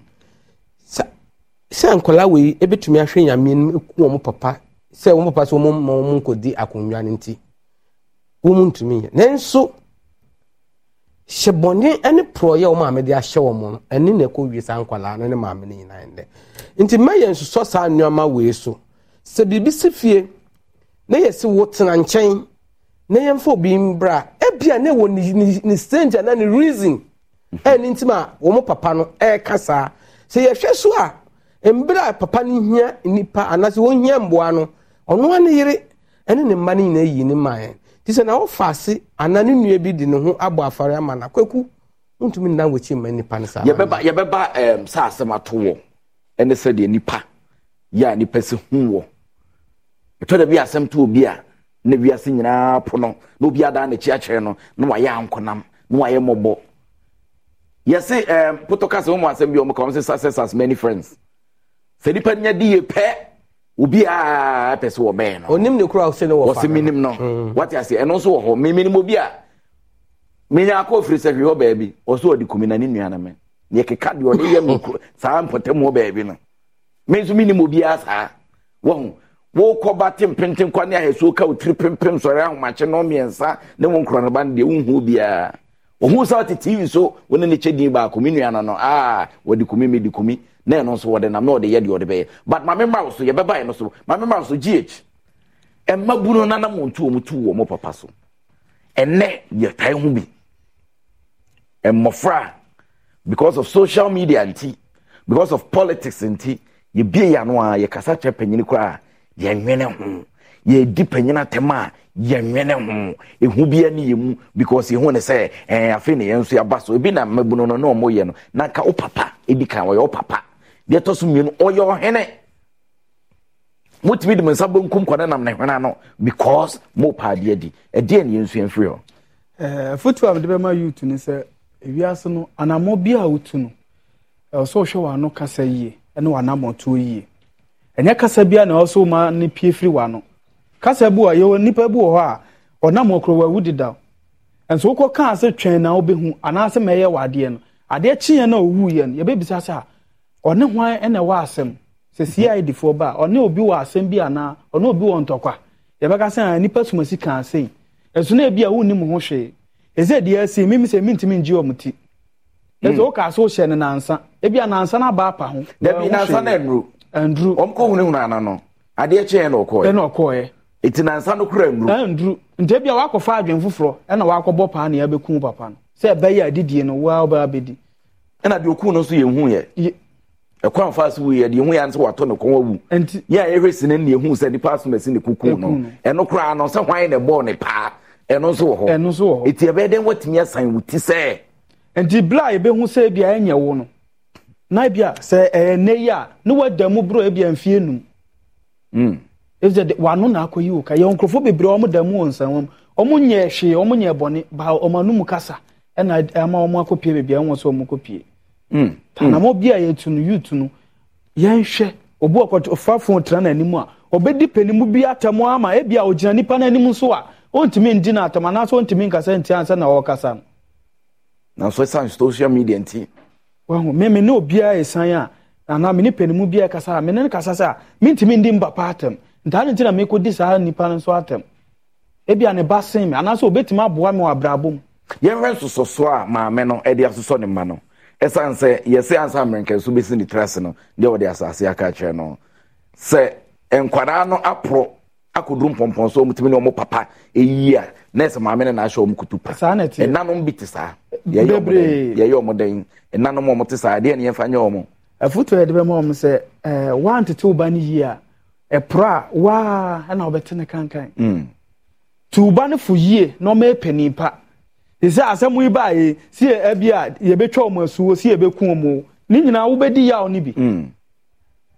sɛ nkɔla wei ɛbɛtumi ahwɛ nyame no ku ɔmo papa sɛ wɔn papa sɛ wɔn ma wɔn nkɔdi akonnwa no nti wɔn ntumi yɛ nanso hyɛ bɔnne ɛne porɔyɛ wɔn maame de ahyɛ wɔn no ɛne na ɛkɔ wie saa nkɔla no ne maame no nyinaa yɛn dɛ nti mma yɛn nso saa nneɛma wei so sɛ biribi si fie na si wo tena nkyɛn na yɛmfa obi mbra ebia na wɔ ne ne stage na ni reason mhm. ɛne ntim a wɔn papa no ɛɛka saa sɛ yɛhwɛ so a mbere papa ni hia nipa anaasɛ wɔn hia mboa no ɔno ano yere ɛne ne mma no nyinaa yi ne mma yɛn te sɛ na wɔfa ase anaa ne nua bi de ne ho abɔ afɔre ama na kwaku ntumi nna wɔkyi mma nipa no saa yɛbɛba yɛbɛba ɛɛm saa asɛm ato wɔ ɛne sɛ deɛ nipa yɛ a nipa si hu wɔ ɛtɔ da bi asɛm to obi a na wiase nyinaa po no na obi adan n'akyi akyerɛ no na wayɛ ankonam na wayɛ mmɔbɔ yɛse ɛɛ potokasa wɔn mu asɛm bi wɔn kɔn sɛ success has many friends sɛ nipa nya di yɛ pɛ obi a pɛ sɛ wɔbɛn no. onim ne kura ɔsɛ ne wɔ fa no wɔsi minim no mm. wate ase ɛno nso wɔ hɔ miminim obi a minya akɔ ofiri sɛ hwehɔ baabi ɔsɛ ɔde kumi na ne nua na mɛ yɛ keka deɛ ɔde yɛ mu saa mpɔtɛmu wɔ baabi no mi nso minim obi a saa wɔn wɔkɔ ba te mpenten kɔ ne ayɛsuo ka wotiri pimpim sɔre ahomakye no mmiɛnsa ne wo nkorɔnoba no deɛ wonhu biara ɔhu sɛ wote tv so wo ne ne kyɛ din baako me nuano no a wɔde kumi mede kumi na ɛno nso wɔde nam na ɔde yɛ deɛ ɔde bɛyɛ but mame ma wo so yɛbɛbaeɛ no so mame ma wo so gh ɛma bunu no nam ɔntu ɔm tu wɔ mo papa so ɛnɛ yɛtae ho bi mmɔfra because of social media nti because of politics nti yɛbie yɛ ano a yɛkasa kyerɛ panyini koraa yɛnwene ho yɛdi panyin atɛm a yɛnwene ho ehu bia ne yɛ because ehu ne sɛ ɛn afei ne yɛn nso yaba so ebi na mmabunu no na ɔmo yɛ no na nka o papa edi kan ɔyɛ o papa deɛ ɛtɔ so mmienu ɔyɛ ɔhene motumi de mo nsa benkum kɔ ne nam ne hwene ano because mo pa adeɛ di ɛdeɛ ne yɛn nso yɛn firi hɔ. ɛɛ foto a de bɛ ma youth ni sɛ ewiase no anamɔ bi a otu no ɛwɔ sɛ ɔhwɛ wɔn ano kasa yie ɛne wɔn anamɔtoɔ yie. ɛnyɛ kasa bia na ɛwɔ so ma ne pie firi w'ano kasa bi wɔ yɛwɔ nipa bi wɔ hɔ a ɔnam ɔkoro wɔ awu deda nso wokɔ kaa sɛ twɛn na wobɛhu anaasɛ ma ɛyɛ wɔ adeɛ no adeɛ kyeɛ na owu yɛ no yɛbɛbisa sɛ a ɔne hwan ɛna ɛwɔ asɛm sɛsie a ɛdifoɔ ba ɔne obi wɔ asɛm bi anaa ɔne obi wɔ ntɔkwa yɛbɛka sɛ a nipa sumasi kaa sei ɛso na ebi a wonni mu ho hwee ɛsɛ deɛ asi mimi sɛ mintimi ngye wɔn ti ɛsɛ hmm. wokaa so hyɛ ne nansa ebi a nansa no aba apa ho anduru ɔmkɔ hunu hunu ana no adeɛ kyɛn na ɔkɔɛ ɛna ɔkɔɛ eti nansa no kura nduru anduru nti bi a wakɔfa adwene foforɔ ɛna wakɔbɔ paa na yɛbɛkum papa no sɛ ɛbɛyɛ adidie no waa ɔbɛ abɛdi ɛna deɛ okun no nso yɛn hu yɛ ɛkwan fa so wuyɛ deɛ hu yɛ nso wato ne kɔn wawu nti yɛ a yɛhwɛ sini ne ehu sɛ nipa asom esi ne kuku no ɛno kura ano sɛ hwan na ɛbɔɔ ne paa ɛno nso wɔ hɔ ɛno nso wɔ hɔ eti ɛbɛyɛ dɛ wɔtumi asan wuti sɛ nti bla sɛ ebi a ɛnyɛ wo no na bia sɛ ɛyɛ nne yi a ne wada mu borɔ ebia mfie num mm. efisɛ de wano na akɔ yi ka yɛ nkurɔfoɔ bebree wɔn da mu wɔ nsɛm wɔn wɔn nyɛ hwee wɔn nyɛ bɔne wɔn anum ama wɔn akɔ pie beebi a wɔn nso wɔn pie mm. tanamɔ mm. bi a yɛtu no yutu no yɛnhwɛ obi ɔkɔtɔ ɔfafo tena n'anim a ɔbɛdi bi ama ebi a nipa n'anim nso a ɔntumi ndi ɔntumi nkasa nti ansa na no. na so social media nti. wahu meme ne obiara ɛsan eh, a anaa me ne panimu biara kasa a mene no kasa sa, a mentumi ndi mba pa atam ntaa ne nti na mekɔdi saa nnipa no nso atam ebia ne ba sen me anaasɛ obɛtumi aboa me wɔ abrabɔ mu soso nsosɔsoɔ a maame no de asosɔ ne mma no ɛsiane sɛ yɛsɛ ansa mmerɛnka so bɛsi ne trase no deɛ wɔde asase aka kyerɛ no sɛ nkwadaa no aporɔ akɔduru mpɔmpɔn so ɔmutumi ne ɔmo papa ɛyi a nurse maame ne n'ahyɛ wɔn kutu pa ɛnanom bi te saa yɛyɛ wɔn den ɛnanom wɔn te saa adeɛ ne yɛn fa nyɛ wɔn. afutuo yɛde bɛma wɔn sɛ ɛɛ eh, wantete ɔba no yie a ɛpora a waa ɛna ɔbɛte ne kankan hmm. tuuba no fo yie na ɔmo epɛ nipa sisi asɛm yi baa yi si yɛ ɛbi a yɛbɛtwa wɔn asu si yɛbɛku wɔn o ne nyinaa wobɛdi yaw no bi hmm.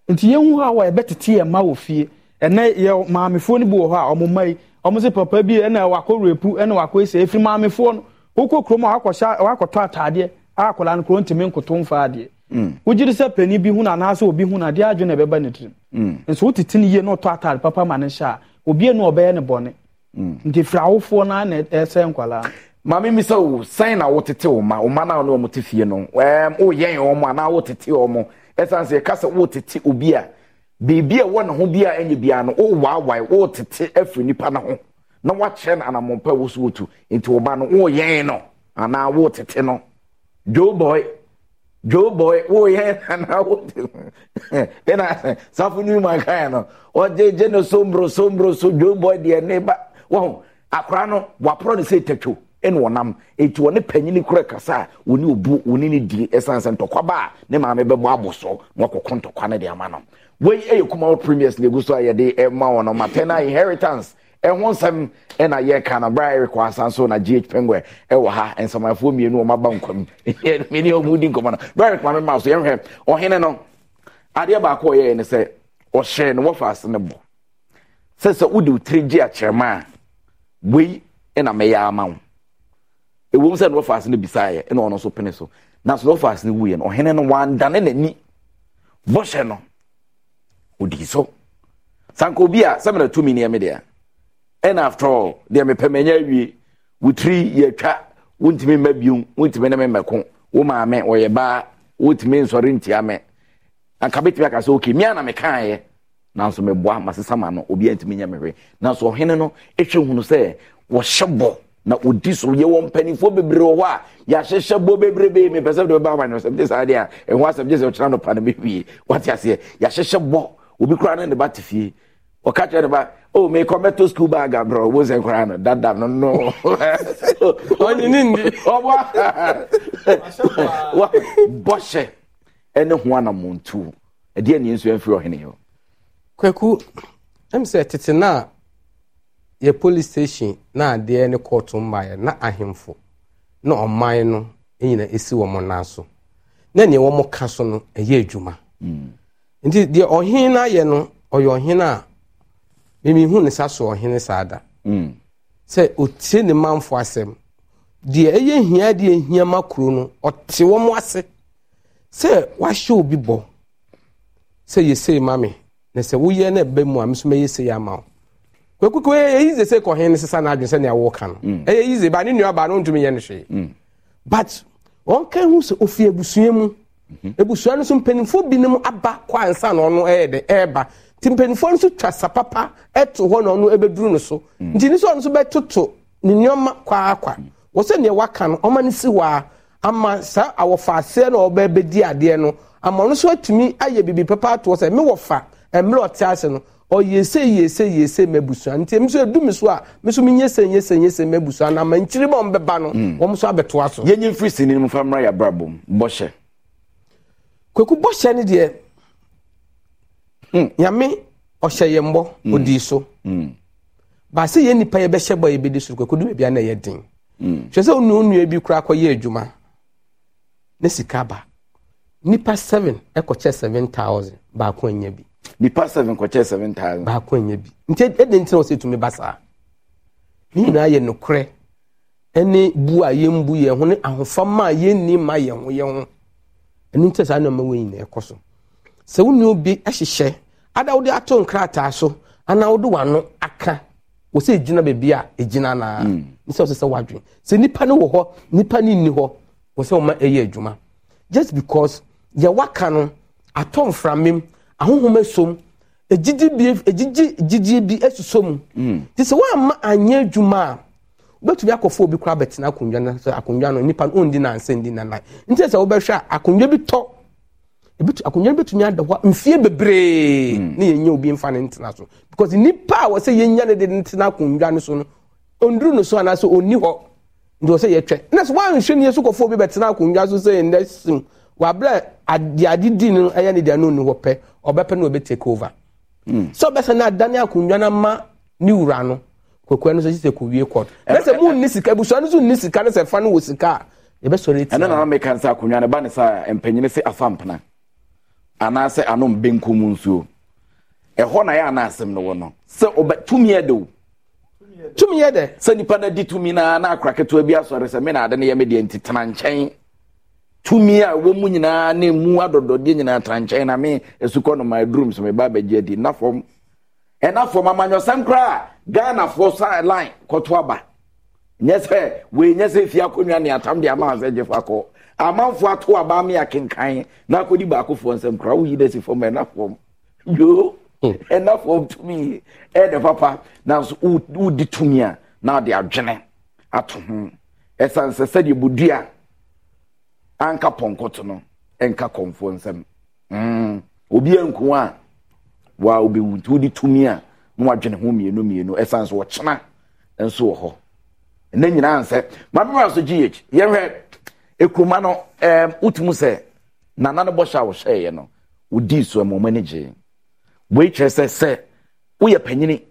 nti yɛn ho a wɔ yɛbɛtete yɛn mma wɔ fie ɛnɛ yɛ maamefoɔ no bi wɔ hɔ a ɔmo mma yi wɔn sɛ papa bi ɛna wakɔ repu ɛna wakɔ esi efiri maamefoɔ no wokɔ kurom a wakɔhyɛ wakɔtɔ ataadeɛ a akwadaa no kuro ntumi nkoto nfa adeɛ mm. wogyere sɛ panyin bi hu na anaasɛ obi hu na adeɛ adwe na ɛbɛba ne tirim mm. nso wotete ne yie na ɔtɔ ataade papa ma ne hyɛ a obie na ɔbɛyɛ ne bɔne mm. nti fira awofoɔ na na ɛsɛ nkwadaa. maame mi sɛ o sɛn na wotete o ma o ma na wɔn a wɔte fie no ɛɛm o yɛn wɔn anaa wotete wɔn ɛsan sɛ ɛka wotete obi a. biribi a ɛwɔ ne ho bi a ɛnyɛ biara no ɔwaawae ɔretete afiri nipa no ho na wakyerɛ no anammɔmpa wɔ so wɔtu nti ɔba no wɔreyɛn no anaa wɔretete no dwobɔe dwobɔe wɔreyɛn anaa ɛna safo no mu akaeɛ no ɔgyegye no sombro sombro so deɛ ne ba wɔho akora no waporɔ sɛ tatwo ɛti wɔne panyini kasa a ɛsiane sɛ ntɔkwa ba a ne maame bɛbɔ so na wakɔkɔ ntɔkwa no ama no wei ɛyɛ eh, kumawo premiers league so a yɛde ɛma eh, wɔn no maternal inheritance ɛho eh, nsɛm ɛna yɛ ka na brian eric wasan so na gh penguin ɛwɔ ha nsamafoɔ mmienu wɔn aba nkɔm mmienu wɔn di nkɔmɔ no brian eric maame maa so yɛn hwɛ ɔhene no adeɛ baako ɔyɛ ne sɛ ɔhyɛ no wɔfa ase ne bɔ sɛ sɛ wode wo tiri gye akyerɛma a wei ɛna mɛyɛ ama wo ɛwom sɛ no wɔfa ase no bisaeɛ ɛna ɔno nso pene so nanso no wɔfa ase no wuyɛ no ɔhene no wandane n'ani bɔhyɛ no odi so sanka obi a sɛ mena tumi nneɛme deɛ ɛna after all deɛ mepɛ manya awie wo tiri yɛtwa wontumi mma biom wontumi ne me mmɛko wo maame wɔyɛ baa wotumi nsɔre ntia me anka bɛtumi aka sɛ okay mea na mekaeɛ nanso meboa masesa ma no obi antumi nyɛ mehwe nanso ɔhene no ɛhwɛ hunu sɛ wɔhyɛ bɔ na ɔdi so yɛwɔ mpanimfoɔ bebree wɔ hɔ a yɛahyehyɛ bɔ bebrebe mepɛ sɛ de bɛba ma no sɛ gye saa deɛ a ɛho asɛm gye sɛ ɔkyena no pa no mɛhwie wate aseɛ yɛahyehyɛ bɔ obi koraa ne ne ba te fie ɔka kyerɛ ne ba o oh, mɛ kɔmɛto sukuu bag abrɔ ɔbɔ sɛ koraa no dada no no ɔnyini ndi ɔbɔ bɔhyɛ ɛne ho anamontu ɛdeɛ ne nso ɛmfiri ɔhene hɔ kwaku ɛm sɛ tete no a yɛ police station na adeɛ ne na ahemfo na ɔman no nyina ɛsi wɔ mo nan so nti deɛ ɔhene no ayɛ no ɔyɛ ɔhene a memihu ne sa so ɔhene saa da mm. sɛ ɔtie ne manfo asɛm deɛ ɛyɛ hia deɛ hia ma kuro no ɔte wɔn ase sɛ wahyɛ obi bɔ sɛ yɛsei ma me na sɛ woyɛ no ɛba mu a meso mɛyɛ sei ama wo kwakuko ɛyɛ yize sɛ kɔhene no sesa sɛ adwene sɛnea woka no mm. ɛyɛ yize ba ne nnuaba no ntumi yɛ no hwee mm. but ɔnka hu sɛ ɔfi abusua mu ebusua no nso mpanyinfo binom aba kɔ ansa na ɔno ɛyɛ de ɛɛba nti nso twa sapapa ɛto hɔ na ɔno ɛbɛduru no so nti ne ɔno nso bɛtoto ne nneɛma kwaakwa wɔ sɛ waka no ɔma no si a ama saa na ɔbɛ bɛdi adeɛ no ama ɔno nso atumi ayɛ sɛ ɔte ase no nti mi so a mi mi na ama ma ɔmbɛba no wɔn mm. nso abɛtoa so. yɛnyɛ mfiri kwaku bɔ hyɛ no deɛ hmm. nyame ɔhyɛ yɛn bɔ hmm. odi so hmm. baasi yɛn nipa yɛ bɛhyɛ bɔ yɛ bɛdi soro kwaku dum ebia na yɛ den hwɛ sɛ onua onua bi kura akɔyɛ adwuma ne sika ba nipa seven ɛkɔkyɛ seven thousand baako anya bi nipa seven kɔkyɛ seven thousand baako anya bi nti ɛdi ntina ɔsɛ tumi ba saa ne nyinaa yɛ nukurɛ ɛne bu a yɛn bu yɛn ho ne ahofama a yɛn ni ma yɛn ho yɛn ho ɛnu ntɛ saa nneɛma wei nyinaa ɛkɔ so sɛ wo nua bi ɛhyehyɛ ada wode ato nkrataa so anaa wode wano aka wɔ sɛ ɛgyina a ɛgyina naa hmm. ne sɛ wɔ sɛ sɛ wadwene sɛ nipa no wɔ hɔ nipa no nni hɔ wɔ sɛ ɛyɛ adwuma just because yɛ waka no atɔ mframem ahohom asom egyidibie egyigyi gyidie bi asuso mu hmm. te sɛ wɔn ama anya adwuma a wobɛtumi akɔfo obi kora bɛtena akonnwa no sɛ akonnwa no nipa no ɔndi nansa ndi nanan nti sɛ wobɛhwɛ a akonnwa bi tɔ akonnwa no bɛtumi ada hɔ mfie bebree hmm. ne yɛnya obi mfa no ntena so because nipa a wɔ sɛ yɛnya no de no tena akonnwa no so no ɔnduru no so anaasɛ ɔnni hɔ nti wɔ sɛ yɛtwɛ na sɛ woanhwɛ ne yɛ so kɔfo obi bɛtena akonnwa so sɛ ɛnɛ sim wabrɛ ade ade di no ɛyɛ ne deɛ no ɔnni hɔ pɛ ɔbɛpɛ no ɔbɛtake over hmm. sɛ ɔbɛsɛ no adane akonnwa no ma ne wura no kwakua no nso sɛ kɔwie kɔ ɛnɛ sɛ munni sika abusua no nso nni sika no sɛ fa no wɔ sika a yɛbɛsɔre tia ɛnɛ nana meka sɛ akonnwa no ba ne sɛ mpanyini sɛ afa anaasɛ anom benkum mu nsuo ɛhɔ na yɛ ana asɛm no wɔ no sɛ ɔbɛ tumi yɛ de o tumi yɛ de sɛ nipa no di tumi na na akora ketewa bi asɔre sɛ me na ade ne yɛ me deɛ nti tena nkyɛn tumi a ɛwɔ mu nyinaa ne mu adɔdɔdeɛ nyinaa tena nkyɛn na me esukɔ no ma aduru sɛ me ba abɛgye adi na fam ɛna fam amanyɔsɛm koraa ghanafoɔ side line kɔto aba nyɛ sɛ wei nyɛ sɛ fie akonnwa ne atam de ama sɛ gyefa kɔ amanfoɔ ato aba me akenkan na akɔdi baakofoɔ nsɛm kora woyi da si fam ɛna yo, yoo ɛna fam tumi ɛdɛ papa nanso wodi tumi a na ɔde adwene ato ho ɛsan sɛ sɛdeɛ bodua anka pɔnkɔ to no ɛnka kɔmfoɔ nsɛm hmm. obi anku a wa obɛwu nti wodi tumi a na wadwene ho mmienu mmienu ɛsan so wɔkyena nso wɔ hɔ ne nyinaa nsɛ maame wa so gh yɛhwɛ ekuruma no ɛɛm wotum sɛ nana no bɔhyɛ a wɔhyɛeɛ no wodii so ɛmɔ ɔmo ani gyee wei kyerɛ sɛ sɛ woyɛ panyini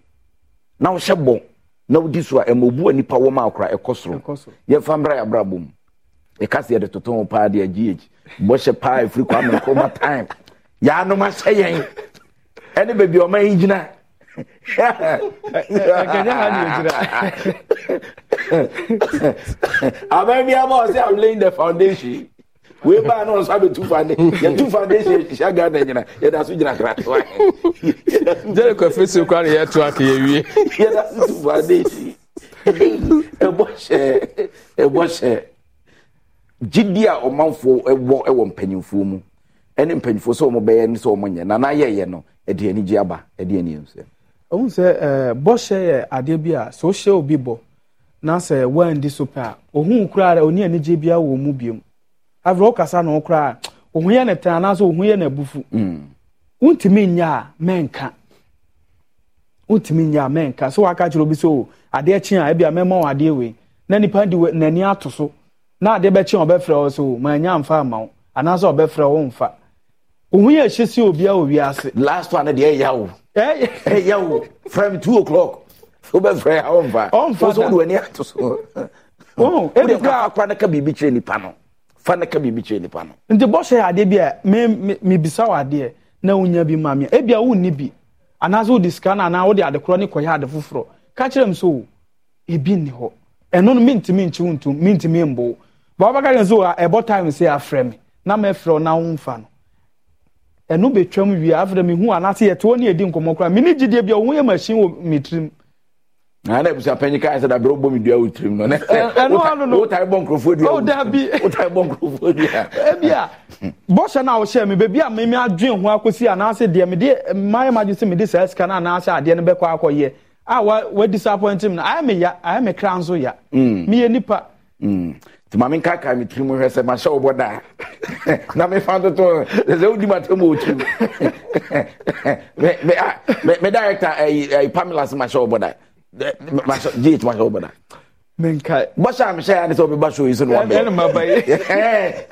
na wohyɛ bɔ na wodi so a ɛmɔ obu a nipa wɔ ma akora ɛkɔ soro yɛfa mbra yɛ abrabɔ mu ɛkasa yɛde toto ho paa deɛ gh bɔhyɛ paa efiri kwame nkruma time yɛanom ahyɛ yɛn ɛne baabi ɔman yi gyina amen bi ama ɔsɛ i'm laying the foundation wee baa náà nso abɛ tu foundation tu foundation hyɛ ghana nyina yɛ da so gyina kratoa jɛrɛ kɔfɛ si kwan yɛ to ake yɛ wie tu foundation ɛbɔ hyɛ ɛbɔ hyɛ a ɔmanfoɔ ɛwɔ ɛwɔ mpanyinfoɔ mu ɛne mpanyinfoɔ sɛ wɔn bɛyɛ ne sɛ wɔn nyɛ nana yɛyɛ no ɛde anigye aba ɛde ani nsɛm. ohun sɛ ɛɛ eh, bɔhyɛ yɛ adeɛ bi a sɛ ɔhyɛ obi bɔ na sɛ wɛndi so pɛ a ohun kura a oni anigye bia wɔ mu bi mu afei ɔkasa na ɔkura a ohun yɛ na tɛn anaasɛ ohun yɛ na bufu mm. ntumi nya a mɛnka ntumi nya a mɛnka so waka kyerɛ obi so o oh, adeɛ kyen a ebi a mɛma wɔn adeɛ wei na nipa di n'ani ato so na adeɛ bɛkyen ɔbɛfrɛ wɔ so o oh, mɛ nya nfa ama wo anaasɛ ɔbɛfrɛ wɔn nfa ohun yɛ ehyɛ si obi a wɔ wiase. last one deɛ yɛ yɛwo frɛ me two o'clock wobɛfrɛ a ɔmfa ɔmfa wode w'ani ato so wode kora no ka biribi kyerɛ nipa no fa no ka biribi kyerɛ nipa no nti bɔhyɛ adeɛ bi a mebisa wo adeɛ na wonya bi ma me e a ahụ wonni bi anaasɛ sika anaa ne ade foforɔ so ebi hɔ ɛno no na no ɛno bɛtwam wie afei mehu anaasɛ yɛteɔ edi ɛdi nkɔmmɔ koraa mene gyideɛ bia ɔho yɛ machine wɔ me tirim ana abusua panyin kan sɛ dabrɛ wobɔ me dua wo tirim no ne wotare bɔ nkurɔfoɔ dua oh, dabi wotare bɔ nkurɔfoɔ dua ebia bɔhyɛ no a wohyɛ me baabi a meme adwene ho akɔsi anaasɛ deɛ mede mayɛ magye sɛ mede saa sika no anaasɛ adeɛ no bɛkɔ akɔyɛ a wadisappoint m no ayɛ me ya ayɛ me kra nso ya meyɛ nipa mm nti maame nkaka mi tiri mu hwɛ sɛ mahyɛ wo bɔ daa na mefa toto sɛ sɛ wodi matɛ mu ɔkyiri me director eh, eh, pamela sɛ mahyɛ wo bɔ daa gate mahyɛ wo bɔ daa menka bɔhyɛ a mehyɛ a ne sɛ wobɛba so yi so no wabɛyɛ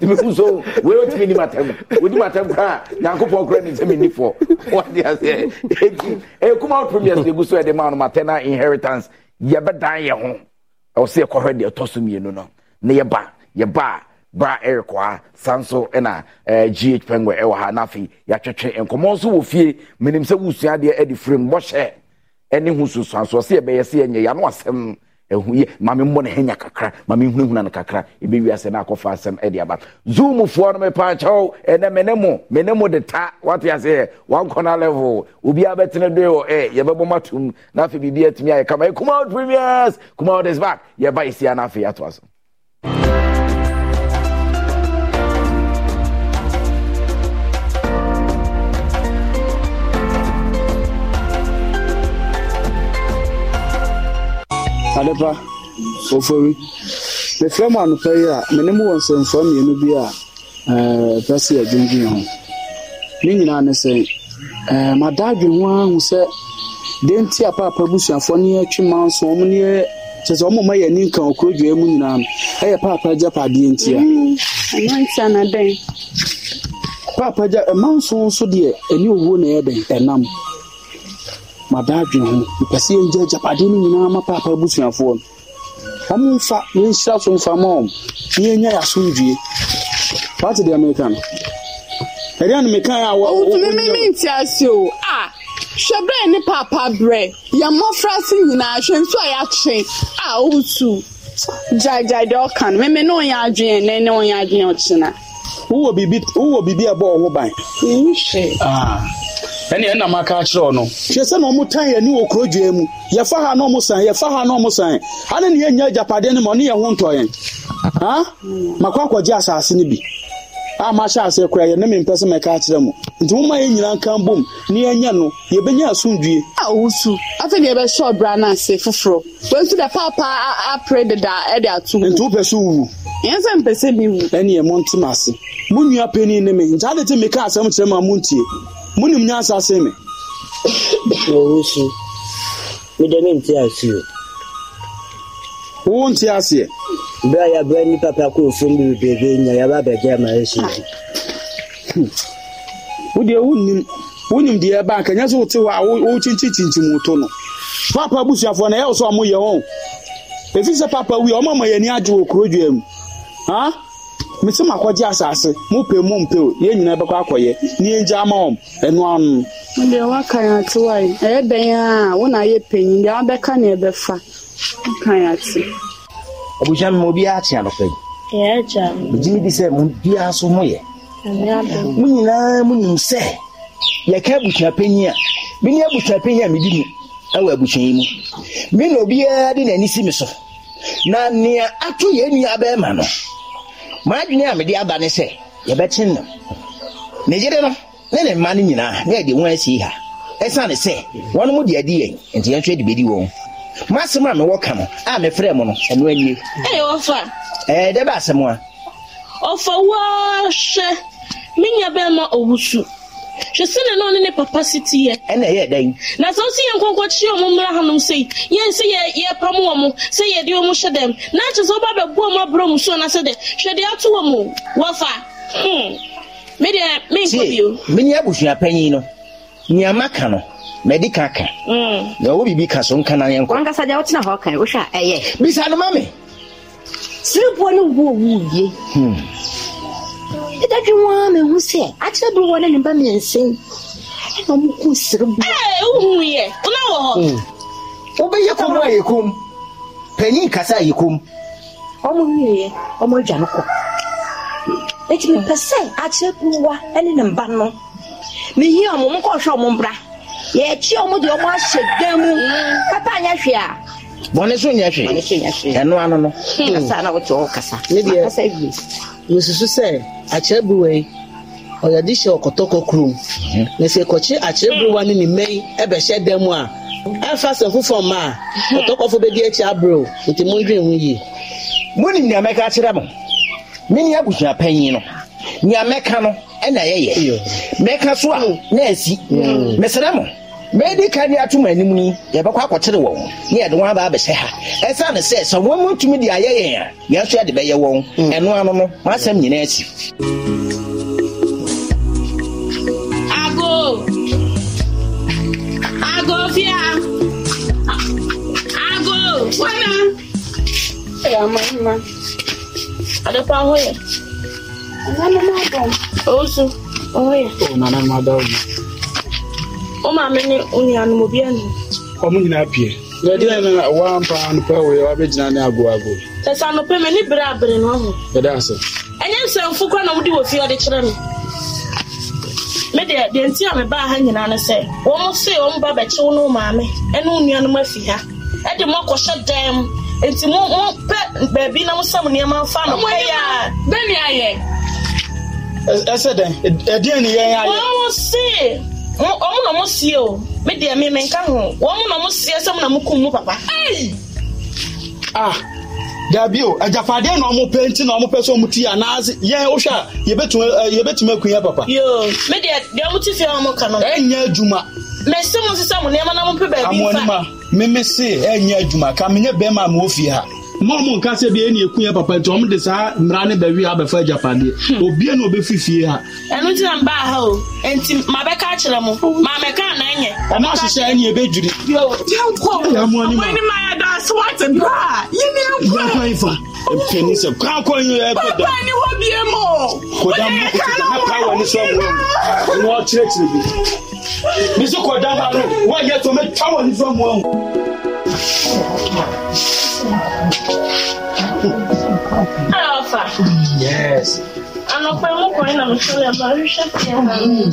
nti mehu so ni wotumi nim atam wodim atam kora a nyankopɔn kora ne sɛ menni fɔ wade aseɛ ɛti eh, ɛkuma wopremias ɛgu so ɛde ma no matɛ na inheritance yɛbɛdan yɛ ho ɛwɔ sɛ yɛkɔhwɛ deɛ ɛtɔ so mmienu no na yɛba yɛba a bra ɛrekɔ ha san so ɛna ɛɛ eh, gh pɛngwɛ ɛwɔ ha n'afei yɛatwetwe nkɔmɔ nso wɔ fie menim sɛ wusua deɛ ɛde firim bɔhyɛ ɛne ho susuansoɔ sɛ yɛbɛyɛ sɛ yɛnyɛ yɛano asɛm ɛhu yɛ maame mbɔ ne hɛnya kakra maame nhunahuna no kakra ɛbɛwi asɛ no asɛm ɛde aba zoomfoɔ no mepaakyɛw ɛnɛ mene mu mene mu de ta wate aseɛ wankɔna level obiaa bɛtene doe wɔ ɛ eh, yɛbɛbɔ matom na afei biribi atumi ayɛ kama ɛ premiers kumaw this back yɛba ɛsia no afei atoa adepa ofori mefrɛ mu anɔpa yi a mene mu wɔ nsɛmfua mmienu bi a pɛ sɛ yɛdwendwen ho ne nyinaa ne sɛ mada adwen ho ara hu sɛ dɛnti a paapa abusuafoɔ ne yɛtwe ma nso ɔm ne kyɛ sɛ ɔmo ma yɛ ni nkan okuro dua mu nyinaa no ɛyɛ paapa gya paadeɛ ntia. mmantia na dɛn. paapa gya mmaa nson nso deɛ ɛne owuo na ɛyɛ dɛn ɛnam madaa adwene ho mpɛsɛ yɛn gya gya paadeɛ no nyinaa ma paapa abusuafoɔ no ɔmo nfa yɛn nhyira so nfa ma ɔmo yɛn nya yɛ asomdue paati deɛ mɛka no ɛdeɛ no mɛka yɛ a wɔ. mi mi mi nti ase o a. Ah! hwɛbrɛ ne papa brɛ yɛ mmɔfra se nyinaa hwɛ a a deɛ ɔka no meme ne adwene ɛnɛ ne adwene ɔkyena wowɔ biribi ban ah. ɛne no hwɛ sɛ na ɔmo yɛni wɔ kuro mu yɛfa ha na ɔmo san yɛfa ha na ɔmo san ane ne yɛnya agyapadeɛ no ma ɔne yɛ ho ntɔ ah? makɔ akɔgye asase no bi amahyɛ aseɛ koraa yɛ ne mempɛ sɛ mɛka akyerɛ mu nti moma yɛ nyinaa nka mbom na yɛnyɛ no yɛbɛnya asomdue a wosu afei deɛ yɛbɛhyɛ ɔbra no ase foforɔ wɔnsu dɛ paapaa apere deda ɛde ato nti wopɛ sɛ wowu ɛyɛ sɛ mpɛ sɛ mewu ɛneɛ montem ase mo nua pani ne me nti ade te meka asɛm kyerɛ mu a montie monim nya asa se me wosu medɛ mente ase o wowonte aseɛ ebe a yɛabrɛ nnipa pakorɔfoɔ no bebrebe nya yɛba bɛgya ma ahyia a wokyinkyikyinkyim wo to no papa gbusi ya ɛyɛ ya sɛ ɔmo ya wɔn ɛfiri papa wie ọma ma yɛni ni wɔ kuro dwa mu ha mese makɔgye mụ pe mụ mpe o yɛn nyinaa bɛkɔ akɔyɛ ne ama anụ ya ebe a na yɛ panyin deɛ wobɛka ne abusua mi ma obiara kyea no fɛ megyeme di sɛ mobiara so ho yɛ mo nyinaa monim sɛ abusua panyin a abusua panyin a mu ɛwɔ abusua yi mu na obiara de n'ani si me so na nea ato yɛn nua bɛrima no a aba ne sɛ no ne yere no ne ne mma nyinaa na yɛde wɔn asi ha sɛ wɔn adi yɛn nti yɛn nso de masɛm a mewɔ ka no a mefrɛ mu no ɛno anie ɛyɛ ɔfa ɛɛ dɛ bɛ asɛm a ɔfa waa hwɛ menya bɛrima ɔwusu hwɛ sɛ ne no ne ne papa si teɛ ɛna ɛyɛ dɛn na sɛ wosi yɛn nkɔnkɔkyeɛ ɔmo mmra hanom sei yɛn sɛ yɛpam wɔ mo sɛ yɛde ɔmo hyɛ dɛm na kyɛ sɛ woba bɛboa mo aborɔ mu soɔ na sɛ dɛ hwɛ de ato wɔ mo wɔfa medeɛ menkɔ bio mene abusua panyin no neama ka no mɛdi ka mm. kan na ɔwɔ biribi ka so nka na yɛnkɔ wankasa deɛ wotena hɔ kan wohwɛ a ɛyɛ bisa no ma me serepoɔ ne wo wu wie hmm. ɛda dwen waa mahu sɛ akyerɛ bere wɔ ne ne ba miɛnsɛn ɛna ɔmo ko serebo wohu yɛ wona wɔ hɔ hmm. wobɛyɛ kɔm a yɛkom panyin kasa a yɛkom ɔmo nwieɛ ɔmo adwa no kɔ ɛti mepɛ sɛ akyerɛ bere wa ne ne mba no mehia ɔmo monkɔhwɛ ɔmo mbra yɛkyi ɔmo deɛ ɔmo ahyɛ dan mu hmm. papa anyɛ hwɛ a bɔne so nyɛ hwee ɛno ano no medeɛ hmm. mesusu sɛ akyerɛ buwa yi ɔyɛde hyɛ ɔkɔtɔkɔ kurom hmm. na sɛ kɔkye akyerɛ buwa no ne mmɛyi ɛbɛhyɛ dan mu a ɛmfa sɛ foforɔ ma a ɔtɔkɔfo bɛdi akyi aberɛo nti mondwen ho yie monim nea mɛka kyerɛ mo mene abusua panyin no nea mɛka no ɛna ɛyɛyɛ mɛka so a na asi mesrɛ mo bɛɛdi ka ne ato mu anim ni yɛbɛkɔ akɔkyere wɔn ne yɛde wɔn aba abɛhyɛ ha ɛsiane sɛ sɛ wɔn mu ntumi de ayɛ yɛn a yɛn nso yɛde bɛyɛ wɔn ɛno ano no wɔn asɛm nyinaa asi. ago ago fia ago wana. adepa ɛnana ma bɔ. owusu ahoyɛ. o nana ma o o maame ne o nuanom obi anu. ɔmo nyinaa pie yɛde ɛna wampa anɔpɛ wɔ yɛ wabɛgyina ne agoago. sɛsɛ anɔpɛ mɛ ne bere abere no ho. yɛda ase. ɛnyɛ nsɛmfo kora na wode wɔ fie ɔde kyerɛ me me deɛ deɛ nti a mebaa ha nyinaa ne sɛ wɔn se wɔn ba bɛkyew ne wo maame ɛne wo nuanom afi ha ɛde mo akɔhyɛ dan mu nti mo mo pɛ baabi na mo sam nneɛma nfa no pɛ yɛ a. bɛn ni ayɛ. ɛsɛ dɛn ɛdeɛ ni yɛn ayɛ. wɔn se ɔmo na ɔmo sie o mi deɛ mi mi nka ho ɔmo na ɔmo sie sɛ ɔmo na ɔmo kum mu papa. ah dabi o ajafadeɛ na ɔmo pɛ nti na ɔmo pɛ sɛ ɔmo ti yɛ anaase yɛn ohwɛ a yɛbɛtumi yɛbɛtumi akun yɛ papa. yoo mi deɛ deɛ ɔmo ti fi ɔmo ka no. ɛnyɛ adwuma. mɛ sɛ mo sisan mo nneɛma na mo pɛ baabi nfa. amɔnima mímí se ɛnyɛ adwuma kàmi nye bɛrɛ maa mi wò fi ha mo mu nka sɛ bi ɛni ekun yɛ papa nti ɔmo de saa mmira ne bɛwi abɛfa japadeɛ hmm. obia na obe fifie ha. ɛnu ti na n ba ha o nti maa bɛ ka kyerɛ mu maa mɛ ka anan yɛ. ɔmo ahyehyɛ ɛni ebe juri. yɛn kɔ ɔmo anim ayɛ da swat bra yi ni ɛkɔ. yɛn kɔ yin fa mpɛni sɛ kwan kò dá mu kò tètè mɛ pa ní sɔmu wọn ɔkyerɛkyerɛ bi. bisi Alpha. Yes. Ano pe mo kọ ina mi sọlẹ ma ṣiṣẹ na mi.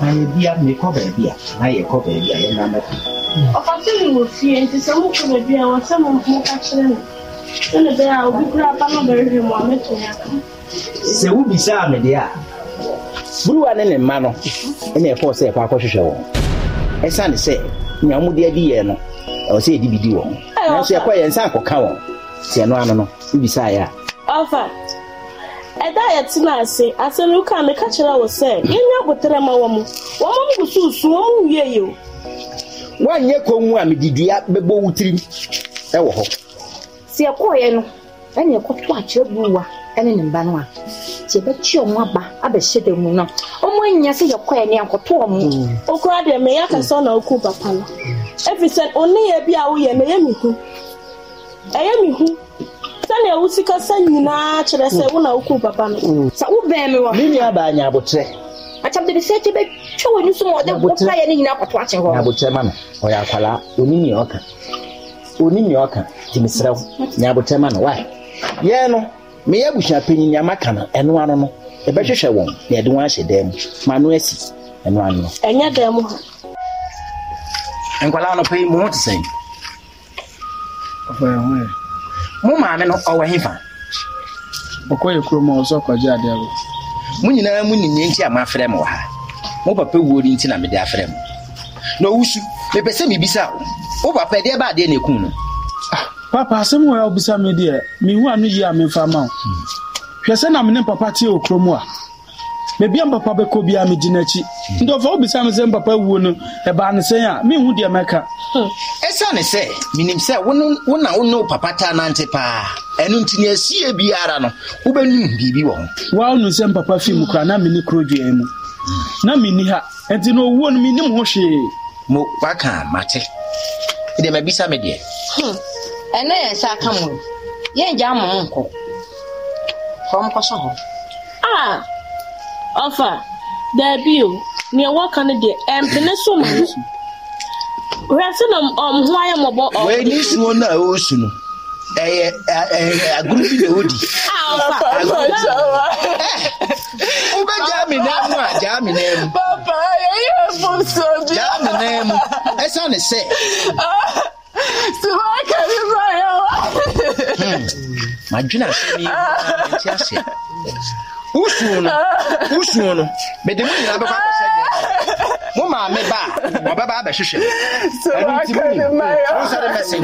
Na yẹ bia me kọ baabi a na yẹ kọ baabi a yẹ na mẹta. Ọ̀pá tí mi wò fi ẹ̀ ntì sẹ́ mo kọ baabi a wọ́n sẹ́ mo mo ká kyerẹ́ mi. Ẹnna bẹ́ẹ̀ a obi kura apá náà bẹ̀rẹ̀ hwẹ̀ mu àmì tó yà ká. Sè wú bisá àmì dì a, buruwa ne ne mma no, ẹna ẹ̀fọ́ sẹ́ ẹ̀kọ́ akọ́hwehwẹ wọn. Ẹ̀sán sẹ́, nyàmúdí ẹ̀dí yẹ no ɛwɔ sɛ yɛde bidi wɔn nanso yɛkɔ yɛn nsa akɔka wɔn tiɛ no ano no wobisa yɛ a ɔfa ɛda a yɛte no ase ase no woka meka kyerɛ wo sɛ yɛnya abotrɛ ma wɔ mu wɔn mu gu so su wɔn mu wie yi o woanyɛ kɔnmu a mede dua bɛbɔ wo tirim ɛwɔ hɔ sɛ yɛkɔɔyɛ no ɛne yɛkɔto akyerɛ buruwa ɛne ne mba no a sɛ yɛbɛkye ɔmo aba abɛhyɛ da mu no ɔmo anya sɛ yɛkɔɛ ne ankɔto ɔmo mm. okura deɛ meyɛ mm. aka sɛ ɔna oku papa no ɛfiri mm. ɔne yɛ bi a ya no ɛyɛ mi hu ɛyɛ mi hu sani nyinaa kyerɛ sɛ na woku papa no sɛ wobɛn me wɔ me nua baa nya abotrɛ akyɛm de sɛ ɔde yɛ ne nyinaa akyɛ hɔ ma ɔyɛ ɔka ɔka maka ɛbɛhwehwɛ wɔn na yɛde wɔn ahyɛ dan mu ma ano asi ɛno ano no. ɛnyɛ dan mu ha. nkwadaa no pɛyi mo ho te sɛn. mo maame no ɔwɔ hefa. ɔkɔ yɛ kurom a ɔsɔ kɔgye adeɛ wɔ. mo nyinaa mo nyinaa nti a mo afrɛ mo wɔ ha mo papa wuo ni nti na mo de afrɛ mo na owusu mepɛ sɛ mebisa wo papa deɛ ba adeɛ na ekun no. Ah, papa asɛm wɔ yɛ ɔbisa mi deɛ mihu a mi yi a mi fa ma o. hwɛ na mene papa te wɔ kurom a baabi mpapa bɛkɔ biara megye n'akyi nti ɔfa wobisa me sɛ mpapa wuo no ɛbaa ne sɛn a menhu deɛ mɛka ɛsiane sɛ menim sɛ wo na wo ne wo papa taa nante paa ɛno nti ne biara no wobɛnum biribi wɔ ho sɛ mpapa fi mu na mene kuro mu na menni ha ɛnti na ɔwuo no mennim ho hwee mo waka mate mabisa me deɛ hmm. ɛnɛ aka mu yɛngya hɔ nkɔsɔ hɔ a ɔfa daabi o nea wɔka no deɛ ɛmpene so mu wɛsi na ɔmo ho ayɛ mɔbɔ ɔmo. wei ni suo na o su no ɛyɛ ɛyɛ aguru bi na o di. a ɔfa aguru bi na o di. wobɛ gya mi nan mu a gya mi nan mu. papa yɛ yɛ fun so bi. gya mi nan mu ɛsan ne sɛ. Sebab akan sebab ya Allah hmm. Majulah Sini Sini Usu no. Usu no. Bede mungkin apa-apa saja. mo maame ba ɔbɛba abɛhwehwɛ ɛno nti monsɔre bɛsen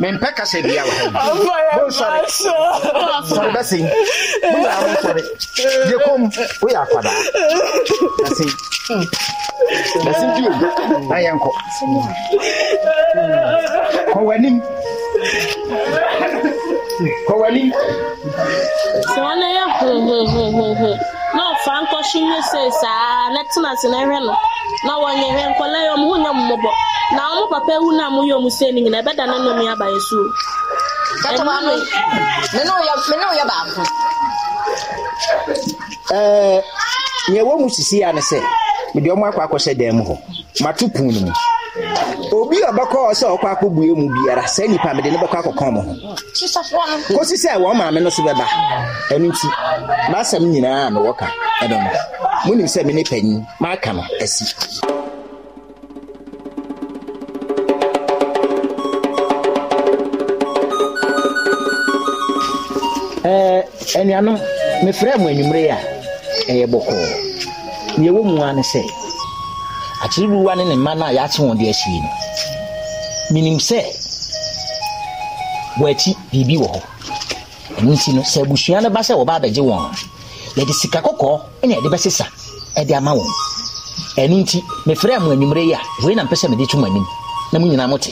mempɛ kasa bia wɔ monsɔresɔre bɛsen monaa monsɔre gye kom woyɛ akwadaa bɛsen bɛsen bio na yɛnkɔ kɔ w'anim kɔ w'anim sɛ ɔno yɛ hehehehe na nkɔhwe yie sei saa na tena ase na ɛhwɛ no na wɔnyɛ hwɛ ya na ọmụ papa ewu na ɔmo yɛ enyi sei ne nyinaa ɛbɛda ne nnome aba yɛ so. kata sisi ya ne mede ọmụ akwa dị obi ɔbɛkɔ sɛ ɔkɔ akɔbue mu biara saa nipa mede ne bɛkɔ akɔkɔn mo ho kɔsi sɛ wɔn maame no so bɛba ɛno nti maasɛm nyinaa mewɔ ka ɛno no monim sɛ me ne panyin maaka no asi ɛnuanom mefrɛ mo anwummere a ɛyɛ bɔkɔɔ neɛwɔ mu a ne sɛ akyerɛwuruwa ne ne mma no a yɛate wɔn de asie no menim sɛ wɔakyi biribi wɔ hɔ ɛno nti no sɛ abusua no ba sɛ wɔba abɛgye wɔn yɛde sika kɔkɔɔ ɛna yɛde bɛsesa ɛde ama wɔn ɛno nti mefrɛ mo anwummerɛ yi a wei na mpɛ sɛ mede to mo anim na mo nyinaa mote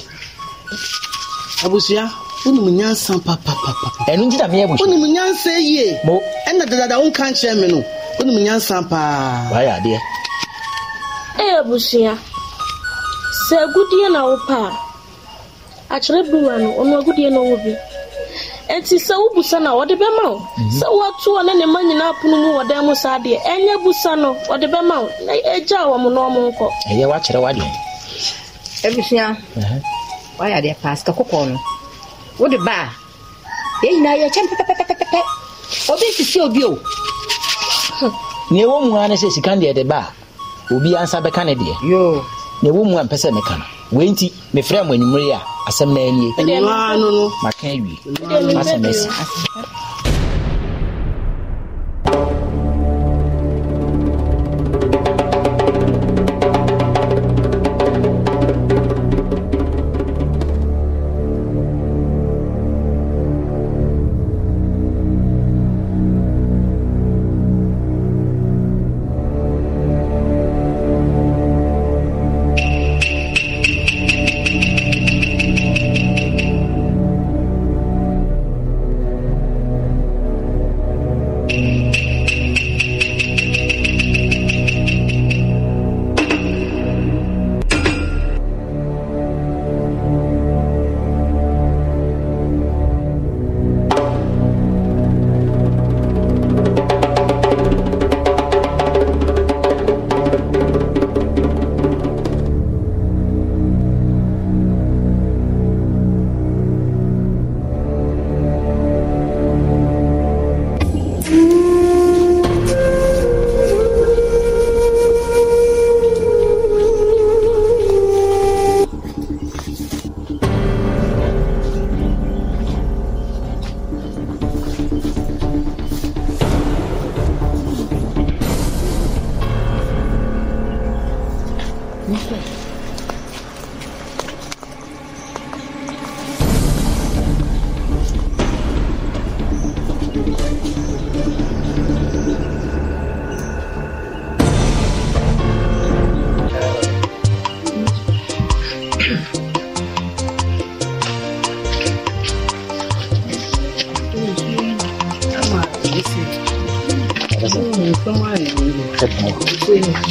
abusua wonim nyansa papapapa ɛno nti na abusua wonim nyansa yie ɛna dadada wonka nkyerɛ me no wonim nyansa paa wayɛ adeɛ ɛyɛ abusua sɛ agudie na wopɛ a akyerɛ brewa no ɔno agudie na ɔwɔ bi nti sɛ wobusa no a wɔde bɛma wo mhm. sɛ woato ne ne ma nyinaa pono mu wɔ dan mu saa deɛ ɛnyɛ busa no wɔde bɛma wo na ɛgya wɔ mo na ɔmo nkɔ ɛyɛ woakyerɛ woadwen abusua wayɛ adeɛ paa sika kɔkɔɔ no wode ba a yɛn nyinaa yɛkyɛm pɛpɛpɛpɛpɛ obi sisi obi o nea ɛwɔ mu a ne sɛ sika no deɛ de ba obi ansa bɛka ne deɛ na ɛwɔ mu a mpɛ sɛ meka no wei nti mefrɛ mo anwummere a asɛm no anie maka awie asɛm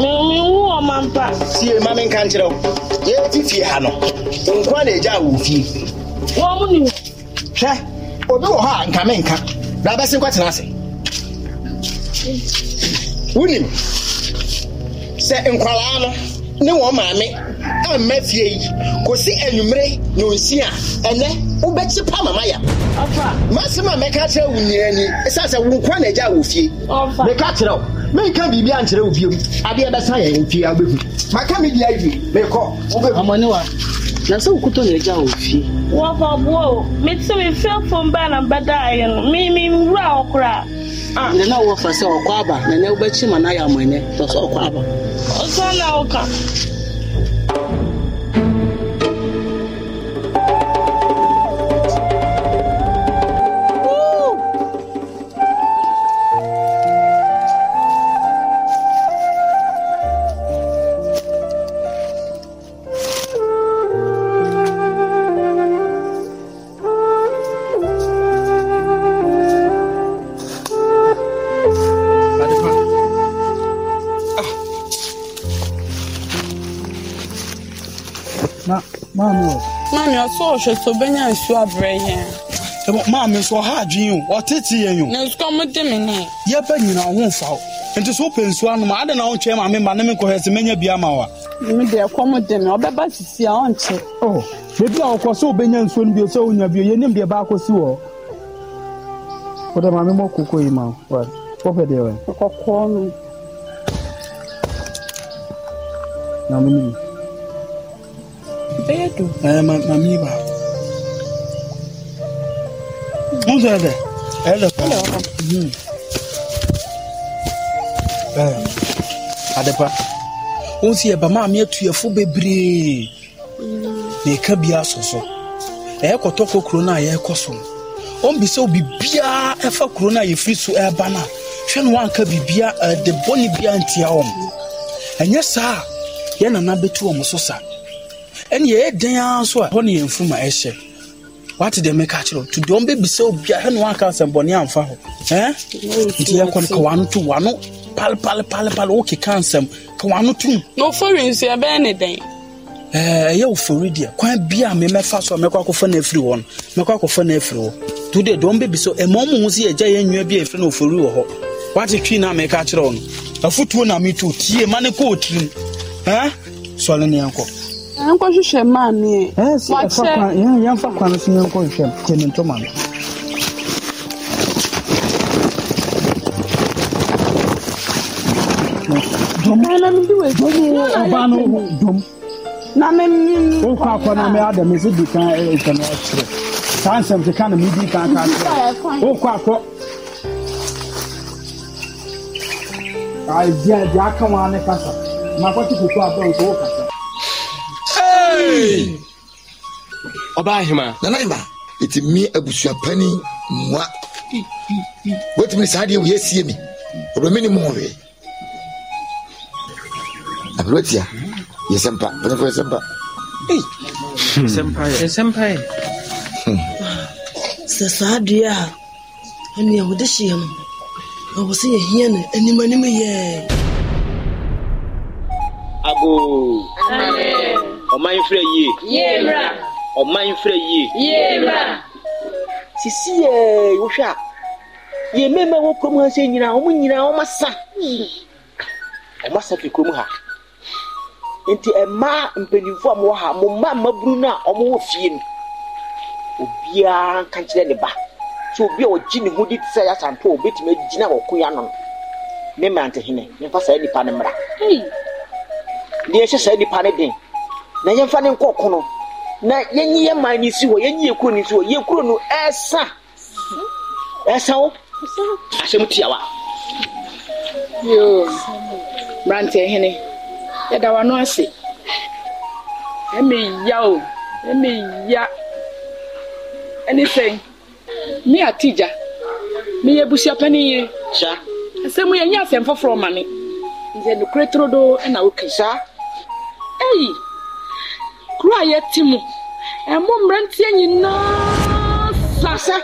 mewu ɔma mpa sie ma menka nkyerɛ wo yɛfi fie ha no nkoa na ɛgya wɔ fie wɔ m ne hwɛ obi wɔ hɔ a nka menka na bɛse nkɔtena ase wonim sɛ nkwalaa no ne wɔn maame amma fie yi kɔsi anwummere na onsia ɛnɛ wobɛkyi pa mama ya masɛm a mɛka kyerɛ wo nyinaa ni ɛsiane sɛ wo nkwa na agya wɔ fie meka kyerɛ wo menka biribi ankyerɛ wo bio adeɛ bɛsa yɛ wo fie a wobɛhu maka me dia wie mekɔ wobɛhu na sɛ wokotɔ agya wɔ fie mete na bɛdaeɛ no nɛ ah. na sɛ ɔkɔ aba ma na ayɛ tɔ sɛ ɔkɔ aba ɔsa na woka ɔhwɛ oh, so bɛnya nsuo abrɛ yɛn maame nso ɔha adwene o ɔtete yɛn o. na nsuo mo di mi nɛ. yɛbɛ nyina ɔho nfa o nti so wopɛ nsuo anum adan na ɔnkyɛn maame ma ne mi nkɔhɛ sɛ mɛnya bi ama wa. mi deɛ kɔn mo di mi ɔbɛba sisi a ɔnkyɛ. ɔ beebi a ɔkɔ so ɔbɛnya nsuo no bi so ɔnya bi yɛn nim deɛ baako si wɔ. o de maame mo koko yi ma wa kɔfɛ deɛ wa. kɔkɔɔ no. na mi Pedro? É, hmm. ma, mami ba. Mo sọ ẹ̀dẹ̀, ẹ̀dẹ̀ pa. Ẹ adepa, wọ́n si ẹ̀bà maami ẹ̀tuyẹ̀fo bebree na ẹ̀ka bi asọ̀sọ. Ẹ̀yẹ kọ̀tọ́ kọ kuro náà yẹ kọ so. Wọ́n bi sẹ́ obi biara ẹ̀fa kuro náà yẹ firi so ẹ̀ba e náà. Hwẹ́ ni wọ́n anka bibia ẹ̀dẹ̀ eh, bọ́ni bia ntia wọ́n. Ẹ̀nyẹ saa, yẹn nana bẹ́tu wọ́n so saa. ɛne yɛyɛ dan ara so a hɔ ne yɛn mfuma ɛhyɛ wate deɛ meka kyerɛ to deɛ ɔmbɛbisa obia hɛ ne waaka asɛmbɔne amfa hɔ nti yɛkɔ no ka wano to wano palepalepalepale wokeka nsɛm ka wano tom na ɔfɔre nsu ɛbɛyɛ ne ɛyɛ so a mɛkɔ no mɛkɔ to deɛ deɛ ɔmbɛbisa bi a ofori wɔ hɔ wate twi na meka kyerɛ wo no na meto tie ma ne kɔ ɔtirim sɔre ne yɛnkɔ hwehwɛ maame ɛ yɛmfa kwan no so yɛnkɔ hwehwɛ kyɛ ne ntoma no ɔbaa no dom na memnim wokɔ akɔ na me ada me sɛ di kan ɛsɛ no ɛkyerɛ saa nsɛm keka na medi kan ka kyerɛ wokɔ akɔ adeɛ aka wa ne kasa makɔte koko abɛ wo sɛ woka ɔbaa ahema nana ahema eti mi abusuapani mua wetumi saa deɛ oyɛ sie mi ɔbɛmi ni mu wɔ abirɛtia yɛsɛ mpa pɛnɛfo yɛsɛ mpa yɛsɛ mpa yɛ hmm. sɛ saa dua a ɛne ɛwode hyeɛ no ɛwɔ sɛ yɛhia no anim anim yɛɛ abo Amen ɔman mfrɛ yie yɛmra ɔman mfrɛ yie yɛmra sisi yɛ wohwɛ a yɛ mmɛma wɔ kurom ha sɛ nyinaa ɔmo nyinaa ɔmo asa ɔmo asa fi kurom ha nti mmaa mpanimfoɔ a wɔwɔ ha mo mma mmaburu no a wɔwɔ fie no obiara nka nkyerɛ ne ba sɛ obi a ɔgye ne ho di te sɛ yasampo a obɛtumi agyina wɔ ko yano ne mmerantehene ne saa nipa no mmra deɛ ɛhyɛ saa nipa no den na yɛmfa ne nkɔ kono na yɛnyi yɛ man ne si hɔ yɛnyi yɛ kuro ne si hɔ yɛ kuro no ɛɛsa ɛɛsa wo asɛm tia wa. yoo mmeranteɛ hene yɛda wano ase ɛmɛ ya o ɛmɛ ya ɛne sɛn me atigya meyɛ abusua panin yie asɛm yɛ nyɛ asɛm foforɔ ma me nti ɛnokorɛ toro do ɛna woka saa ɛyi kuro a yɛte mu ɛmo mmeranteɛ nyinaa sasa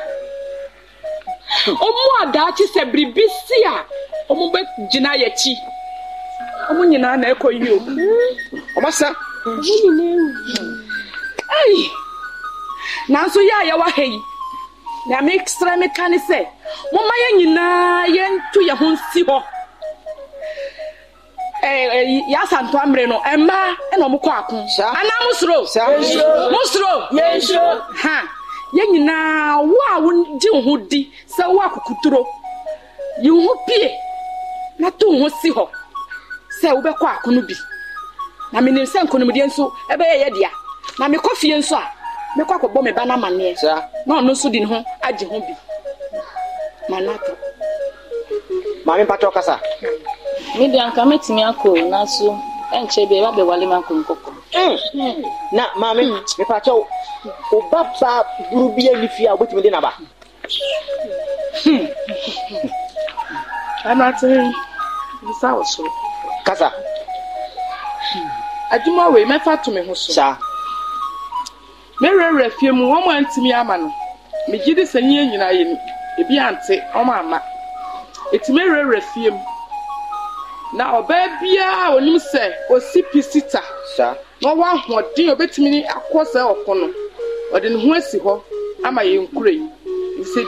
ɔmo adaakye sɛ biribi si a ɔmo bɛgyina yɛkyi ɔmo nyinaa na ɛkɔ yio ɔbasa ɛyi nanso yɛ a yɛwɔ ha yi na mesrɛ meka ne sɛ momma yɛn nyinaa yɛnto yɛn ho nsi hɔ Eh, eh, yasa ntɔ amere no mmaa na wɔn kɔ ako ana mo soro mo soro ha yɛn nyinaa wo a wogye wo ho di sɛ wo akokoturo yi wo ho pie na to wo ho si hɔ sɛ wobɛkɔ ako no bi na menim sɛ nkonimdeɛ nso ɛbɛyɛ e yɛ dea na mekɔ fie nso a mekɔ akɔbɔ me ba no amanneɛ na ɔno nso de ne ho agye ho bi manato maame mpatɔ kasa mm. media nka metumi akɔ asụ ɛnkyɛ bia ɛba bɛwale ma akɔ nkɔkɔ mm. na maame mm. mepakyɛ wo woba baa buru bi ani fie a wobɛtumi de naba hmm. anate bisa wo soro kasa hmm. adwuma wei mɛfa to me ho so saa mɛwerɛwerɛ fie mu wɔn a ama no megye sɛ nyinaa yɛ ebi ante wɔn ama ɛtumi werɛwerɛ fie mu na ɔbaa biara onim sɛ osi pisita na ɔwɔ ahoɔden obetumi akɔ sɛ ɔko no ɔde ne ho asi hɔ ama yɛn kura yi sɛ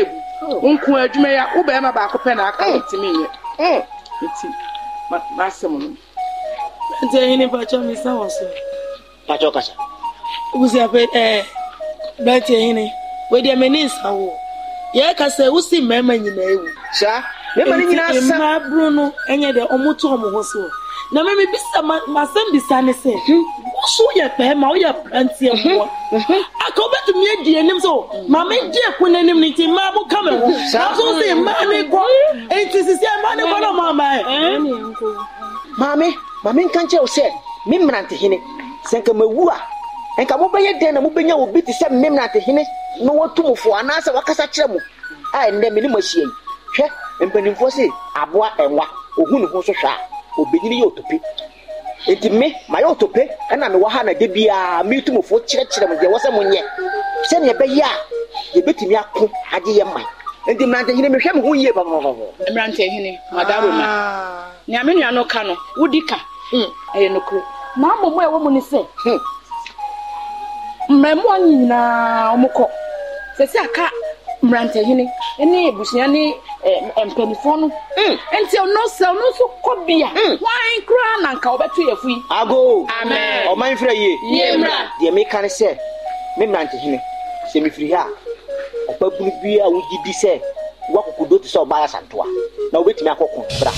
ebu oh. nko adwuma yi a wo baako pɛ na aka oh. nyɛ oh. no. ni mi wɔ so. kasa. ɛɛ ni nsa wo yɛ ewu. bɛma no nyinaa sa mmaa buro no ɛnyɛ dɛ ɔmo to ɔmo ho so na mɛmi bisa ma masɛm bisa ne sɛ mhm. woso yɛ pɛɛma woyɛ aberanteɛ mmoa mhm. Mhm. aka wobɛtumi adi anim sɛ maame gye ko n'anim no nti mmaa mo ka me ho nanso sɛ mmaa ne kɔ enti sisi mmaa ne kɔ na maamaa ɛ maame maame nka nkyerɛ wo sɛ me mmerantehene sɛ nka mawu a nka mobɛyɛ dɛn na mobɛnya obi te sɛ me mmerantehene na watu mo fo anaasɛ wakasa kyerɛ mo a ɛnnɛ me ne mo ahyia yi hwɛ mpanimfoɔ se aboa ɛnwa ohu ne ho nso hwɛ a obanyini yɛ otope nti me mayɛ otope ɛna mewɔ ha na de biara meretumfoɔ kyerɛkyerɛ mo deɛ wɔ sɛ monyɛ sɛneɛ ɛbɛyɛ a yɛbɛtumi ako agye yɛ man nti mmerantahene mehwɛ me ho yie babababɔ mmerantahene madaroma ah. nea me nua no ka no wodi ka hmm. ɛyɛ nokoro na mmom a ɛwɔ mu ne sɛ mmaamua no nyinaa ɔmokɔ sɛ sɛ aka mmeranteɛ hene ne abusua ne mpanimfoɔ no hmm. nti ɔno sɛ ɔno nso kɔ bia hmm. wan koraa na nka wɔbɛto yɛ fu yi. ago amen ɔman fira yie yie mra deɛ meka ne sɛ me mmerante hene sɛ mefiri ha a ɔpabunu bi a wogye di sɛ woakokodo te sɛ ɔbaa yɛ na wobɛtumi akɔko bra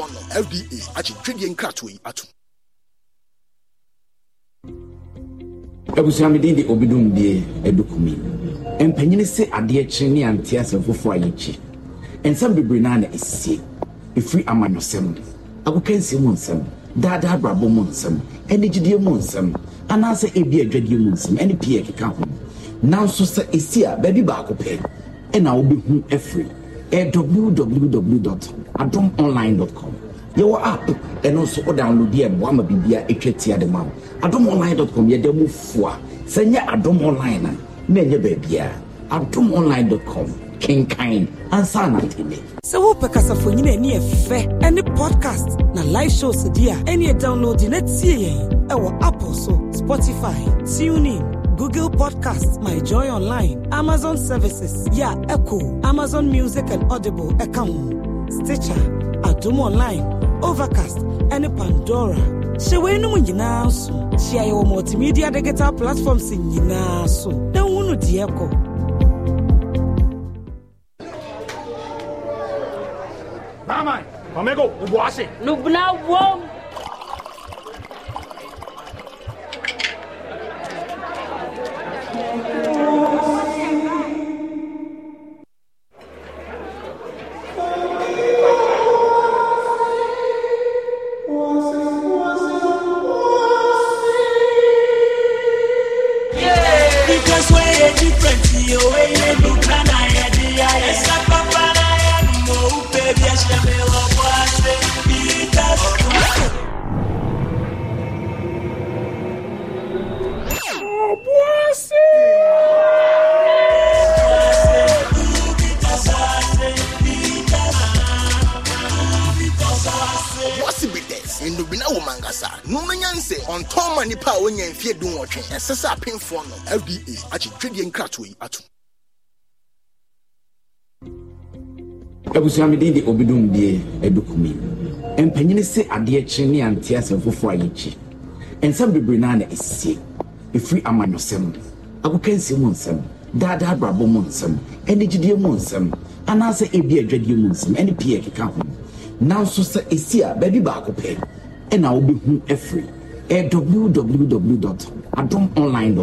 amanfoɔ no fda akyetwedeɛ nkratoɔ yi ato abusua meden de obidum die adukumi mpanyini se adeɛ kyere ne ante asɛm foforɔ a yɛkyi nsɛm bebree naa na ɛsie ɛfiri amanyɔsɛm agokansie mu nsɛm daadaa abrabɔ mu nsɛm anigyedeɛ mu nsɛm anaasɛ ebi adwadeɛ mu nsɛm ɛne pii ɛkeka ho nanso sɛ ɛsi a baabi baako pɛ ɛna wobɛhu afiri e www adom online com yɛwɔ app ɛno nso wo download yɛ boa ma biribia ɛtwa tia de ma wo adom online com yɛda mu foa sɛ nyɛ adom online a na ɛnyɛ baabiaa adom online com kenkan ansa nantene sɛ wopɛ kasafonyina ani ɛfɛ ɛne podcast na live shows di a ɛne download na tie yɛn ɛwɔ apple so spotify tunein Google Podcasts, My Joy Online, Amazon Services, Yeah, Echo, Amazon Music and Audible, Account, Stitcher, Adum Online, Overcast, and Pandora. Hyɛ wɔanom nyinaa She Hyia yɛwɔ multimedia digital platforms nyinaa so. Na wunu deɛ kɔ. Mama, amigo, ubuase. Nubna wom. abusua mi din de obidum die edukumi mpanyini se adeɛ kyerɛ ne ante asɛm foforɔ a yɛkyi nsɛm bebree naa na esie efiri amanyɔsɛm agokansie mu nsɛm daadaa abrabɔ mu nsɛm ɛne gyidie mu nsɛm anaasɛ ebi adwadie mu nsɛm ɛne pii ɛkeka ho nanso sɛ esi a baabi baako pɛ ɛna wobɛhu ɛfiri ɛɛ www dot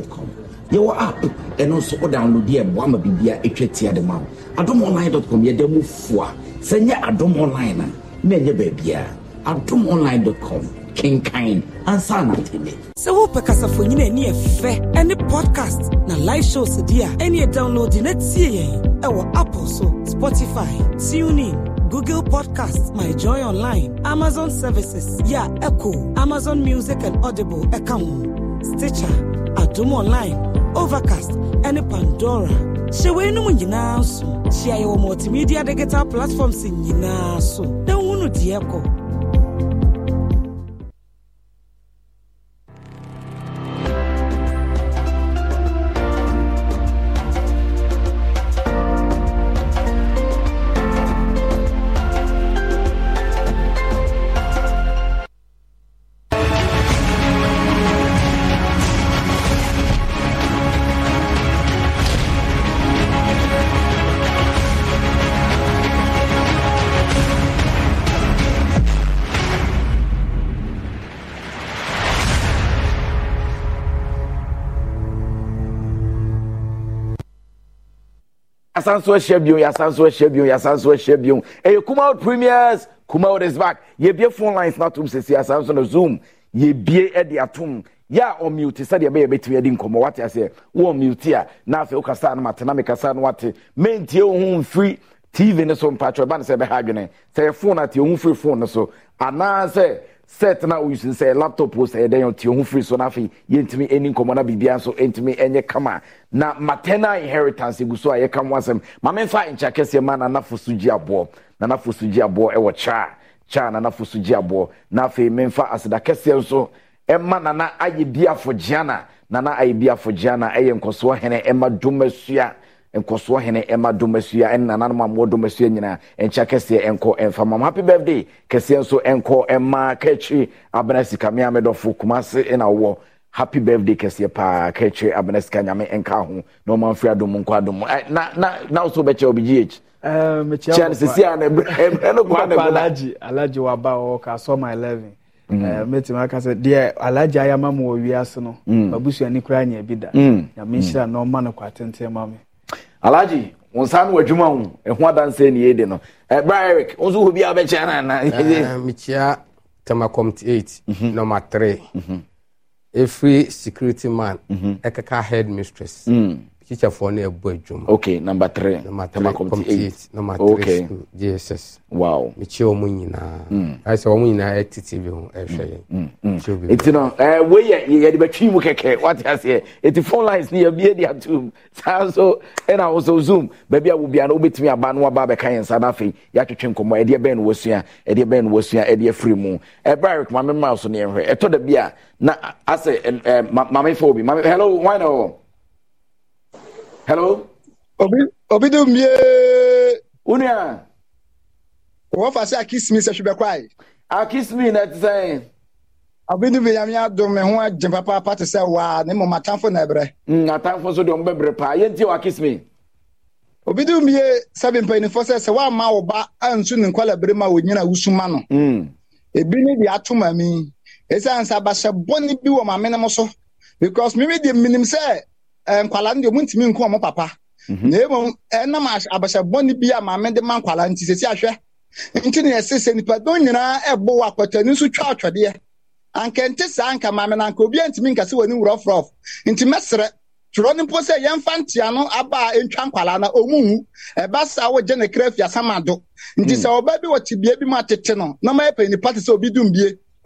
com yɛwɔ app ɛno nso wo download yɛ boa ma biribia ɛtwa tia de ma wo adom online dot com yɛda mu foa sɛ nyɛ adom online a na ɛnyɛ baabiaa adom online dot com kenkan ansa anatene sɛ wopɛ kasafonyina ani ɛfɛ ɛne podcast na live shows deɛ a ɛneɛ download na tie yɛn ɛwɔ apple so spotify tunein Google Podcasts, My Joy Online, Amazon Services, Yeah, Echo, Amazon Music and Audible, Account, Stitcher, Adum Online, Overcast, and Pandora. Hyɛ weinom nyinaa so. She yɛ multimedia digital platforms nyinaa so. Then hunu deɛ asanso ahyia bio yɛ asanso ahyia bio yɛ asanso ahyia bio ɛyɛ kumaw premiers kumaw is back yɛbie phone lines na atom sisi asanso na zoom yɛbie ɛde atom yɛ a ɔmiuti sɛdeɛ ɛbɛyɛ bɛtumi adi nkɔmɔ wate aseɛ wɔ ɔmiuti a na afei wokasa no mate na mekasa no wate mentie wo oh, ho mfiri tv ne so mpatwɛ ɛba ne sɛ ɛbɛha adwene sɛ yɛ phone ate wo oh, ho firi phone ne so anaasɛ set na oyusin sɛ laptop wo sɛ ɛdɛn ɔte ho firi so na afei yɛntumi ani nkɔmmɔ na biribia nso ɛntumi ɛnyɛ kama na maternal inheritance egu so a yɛka ho asɛm maame nfa nkyɛ kɛseɛ ma nanafo so gye aboɔ nanafo so gye aboɔ ɛwɔ na kyaa nanafo so gye aboɔ na afei memfa aseda kɛseɛ nso ɛma nana ayɛ bi afɔgyea na nana ayɛ bi afɔgyea na ɛyɛ nkɔsoɔ hene ɛma dwom asua nkɔsoɔ hene ɛma domasua ɛne nananom amoɔ domasua nyinaa ɛnkyɛ kɛseɛ ɛnkɔ ɛmfa mam happy birthday kɛseɛ nso ɛnkɔ ɛma kakyiri abena sika me amedɔfo kumase ɛna wowɔ happy birthday kɛseɛ paa kakyiri abena sika nyame ɛnka ho na ɔma mfiri adom nkɔ adom eh, na na na wo so wobɛkyɛ obi gh kyɛn sisi a na ɛbrɛ no kɔ na alaji alaji waba wɔ ka so my eleven mɛtumi mm. eh, aka sɛ deɛ alaji ayama mu wɔ wiase no mm. abusua ni kora nyɛ bi da mm. nyame nhyira na ɔma no kɔ atenten ma me Alaji, wọn nsa no adwuma ho ɛho adanse ne yɛdi no eh, ɛbra eric wọn nso wɔ bi a wɔbɛkyia na na. Eh, mekyia tema comt eight mhm. number three mhm. security man ɛkeka mhm. head mistress. Mm teacherfoɔ no ɛbɔ adwuma okay number three number three committee eight number three okay. school jss wow mekyia wɔn nyinaa ayɛ sɛ wɔn nyinaa ɛte tv ho ɛhwɛ yɛn eti no ɛɛ wei yɛ yɛde bɛtwi mu kɛkɛ wate aseɛ eti phone lines ni yɛbie de atum saa nso ɛna ahosuo zoom baabi a wobia uh, no wobɛtumi aba no waba abɛka yɛn nsa n'afei yɛatwitwi nkɔmɔ ɛdeɛ bɛn no wɔsua ɛdeɛ bɛn no wɔsua ɛdeɛ firi mu ɛbaa rekuma mi maa so ne yɛn hwɛ ɛtɔ na asɛ ɛɛ maame fo hello wine hello. obi obi dum yee. wúnìyà. wọ́n fà sí akísmi sẹ́sù bẹ́ẹ̀ kọ́ àyè. akísmi náà ti sẹ́yìn. obi dum yàmi adùn mi hún àjẹ pápápá ti sẹ́ wà ní mọ̀ àtàǹfọ̀ náà bẹ̀rẹ̀. Mm, àtàǹfọ̀ sọ de ọmọ bẹ̀rẹ̀ pa yẹn ti wọ akísmi. obi dum yee sẹ́bi mpanyinfo sẹ́ sẹ́ wàá ma ọba ẹ̀nsu ní nkọ́lá bẹ̀rẹ̀ ma wò nyina wusu ma nọ. Mm. ebi ni di ato ma mi. esan sábàṣẹ bọ́ni bi wọ maame ne mo so because mímí di mínim sẹ́ẹ̀ Eh, nkwala ndị omuntimi nke ọmụ papa mhm. na ebo ɛnam eh, abasa bɔnni bi a maame de ma nkwala nti sisi ahwe nti na esi sɛ nipa don nyinaa ɛbo akɔtɔni nso twa ya anka nti saa anka na nke obi ntumi nkasi wɔ ni wurɔfurɔf aba a na ɔmu wu ɛba saa wogye ne kra afiasama do mhm. na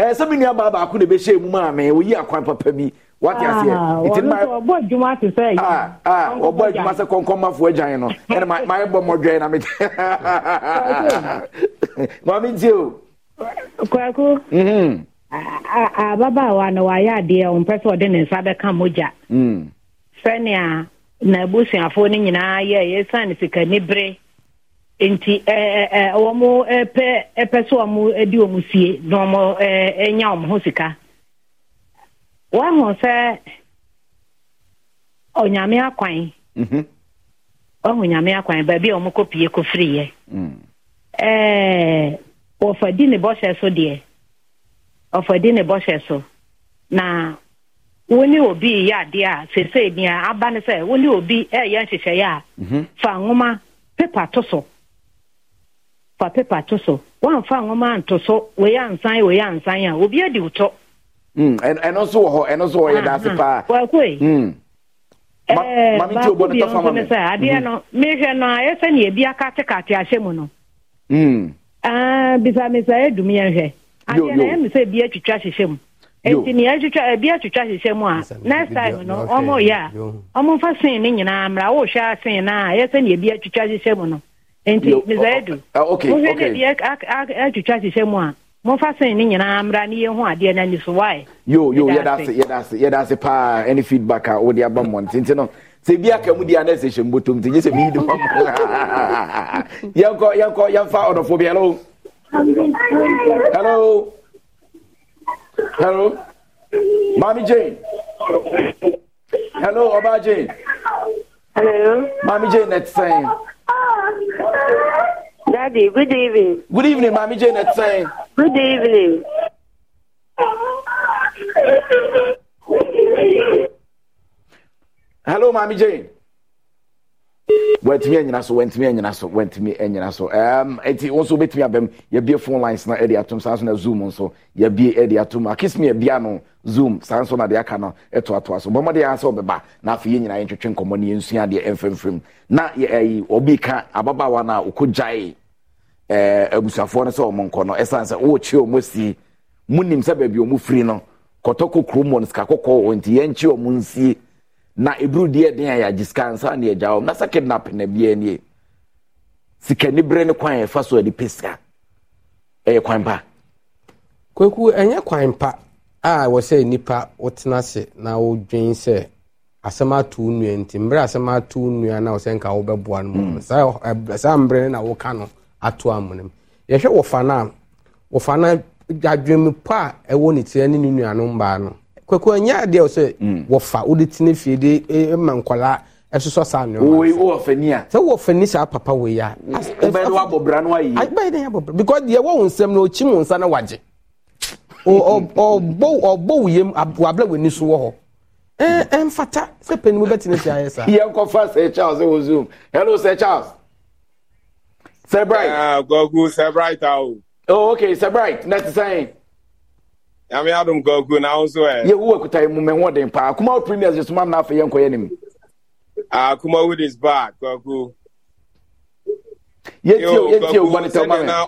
ɛɛ eh, mi nua baa baako na ebe emu mu maa mi oyi akwan papa bi wate aseɛ ah, nti ma ɔbɔ adwuma te sɛ ah, yi aa ah, ɔbɔ adwuma sɛ kɔnkɔnmafoɔ agyan no ɛna ma ma yɛ bɔ mɔdwɛn na mi tɛ maame nti o. kwaku mhm. ababaawa na wayɛ adeɛ ɔmpɛ sɛ ɔde ne nsa bɛka mogya mm. sɛnea na abusuafoɔ no nyinaa yɛ yɛsiane sikani bere nti wɔn pɛ pɛ so wɔn eh, di wɔn sie na wɔn eh, eh, nya wɔn ho sika wɔahu sɛ onyame akwan mhm. wɔahu nyame akwan baabi a wɔn kɔ pie kɔ firi yɛ mm. wɔfa di ne bɔhyɛ so deɛ wɔfa di ne bɔhyɛ so na obi yɛ adeɛ a aba ne sɛ obi a mhm. fa nwoma pepa to so. fa pepa to so wamfa nwoma anto so wei ansan wei ansan a obi adi wotɔ ɛno nso wɔ hɔ ɛno nso wɔyɛ daase paa wakoe mametiobɔnetɔfamame sɛ adeɛ no hmm. ah, eh, mehwɛ eh, no eh. a ɛsɛ ne ebi akatekate ahyɛ mu no adeɛ atwitwa mu atwitwa ebi atwitwa hyehyɛ mu a ah. next time no ɔmo yɛ ah. a ɔmo nfa ne nyinaa na a ɛsɛ ne ebi atwitwa hyehyɛ mu no nti meza edu wohwɛ ah, dɛ deɛ atwitwa hyehyɛ mu a momfa sen ne nyinaa mmra ne yɛhu adeɛ no ani so wae yo yo yɛda ase yɛda ase yɛda ase paa ɛne feedback a wode aba mmɔnte nti no sɛ bi aka mu deɛ ana ɛsɛ hyɛ mbotom nti gye sɛ meyide ma yɛnkɔ yɛnkɔ yɛmfa ɔdɔfoɔ bi hello hello hello mami jane hello ɔbaa jane hello mami jane ɛte sɛn Daddy, good evening. Good evening, Mommy Jane. saying. Good evening. Hello, Mommy Jane. wɔntumi anyina so wɔntumi anyina so wɔntumi anyina so ɛɛm eti wɔn nso bɛtumi abɛm yɛbie phone lines na ɛde atum saa nso na zoom nso yɛbie ɛde atum. akisimi ɛbia no zoom saa nso na de aka no ɛtoatoa so bɔn ɔmɔde asɛ ɔbɛba na afei yɛn nyinaa yɛn twetwe nkɔmɔ ne yɛn sua adeɛ mfimfim na ɛyi ɔbi ka ababaawa na ɔkɔ gyae ɛɛ eh, abusuafoɔ no sɛ ɔmo nkɔ no ɛsan sɛ ɔɔkye ɔmo no kɔtɔ kɔ kurom wɔn sika kɔkɔɔ wɔn na eburu deɛ den a yagye sika ansa na yagya wɔm na sɛ kidnap na bia nie sikani bere ne kwan yɛfa so yɛde pe sika ɛyɛ kwan pa. kwaku ɛnyɛ kwan pa a wɔsɛ nipa wotena ase na wodwen sɛ asɛm ato wo nua nti mmerɛ asɛm ato wo na wɔsɛ nka wobɛboa no mu hmm. saa saa mmerɛ na woka no ato amono mu yɛhwɛ wɔfa no a wɔfa no adwene mu pa a ɛwɔ ne tira ne ne nuanom baa no kwakuo nyɛ adeɛ sɛ mm. wɔfa wode tena fie de e, ma nkɔlaa ɛsosɔ saa nneɛma wɔyi wɔ fani a sɛ wɔ fani saa papa wɔ yi a mm. bɛyɛ de wabɔ bra no ayi bɛyɛ de yabɔ bra because deɛ wɔn nsɛm na okyi mu nsa na wagye ɔbɔ ɔbɔ wuyem wabla wɔ ani so wɔ hɔ ɛn ɛnfata sɛ panimu bɛ tena fie saa yɛn kɔfa sɛ charles ɛwɔ zoom hello sir charles sir bright. ɛɛ ah, gɔgu sir bright awo. oh okay sir bright next time nyame adom kɔku na wo nso ɛ yɛwo akutae mu mɛho den paa kuma wo premiers de soma m na afei yɛnkɔyɛ no mu ah, akuma wood is back kɔku sɛdeɛ na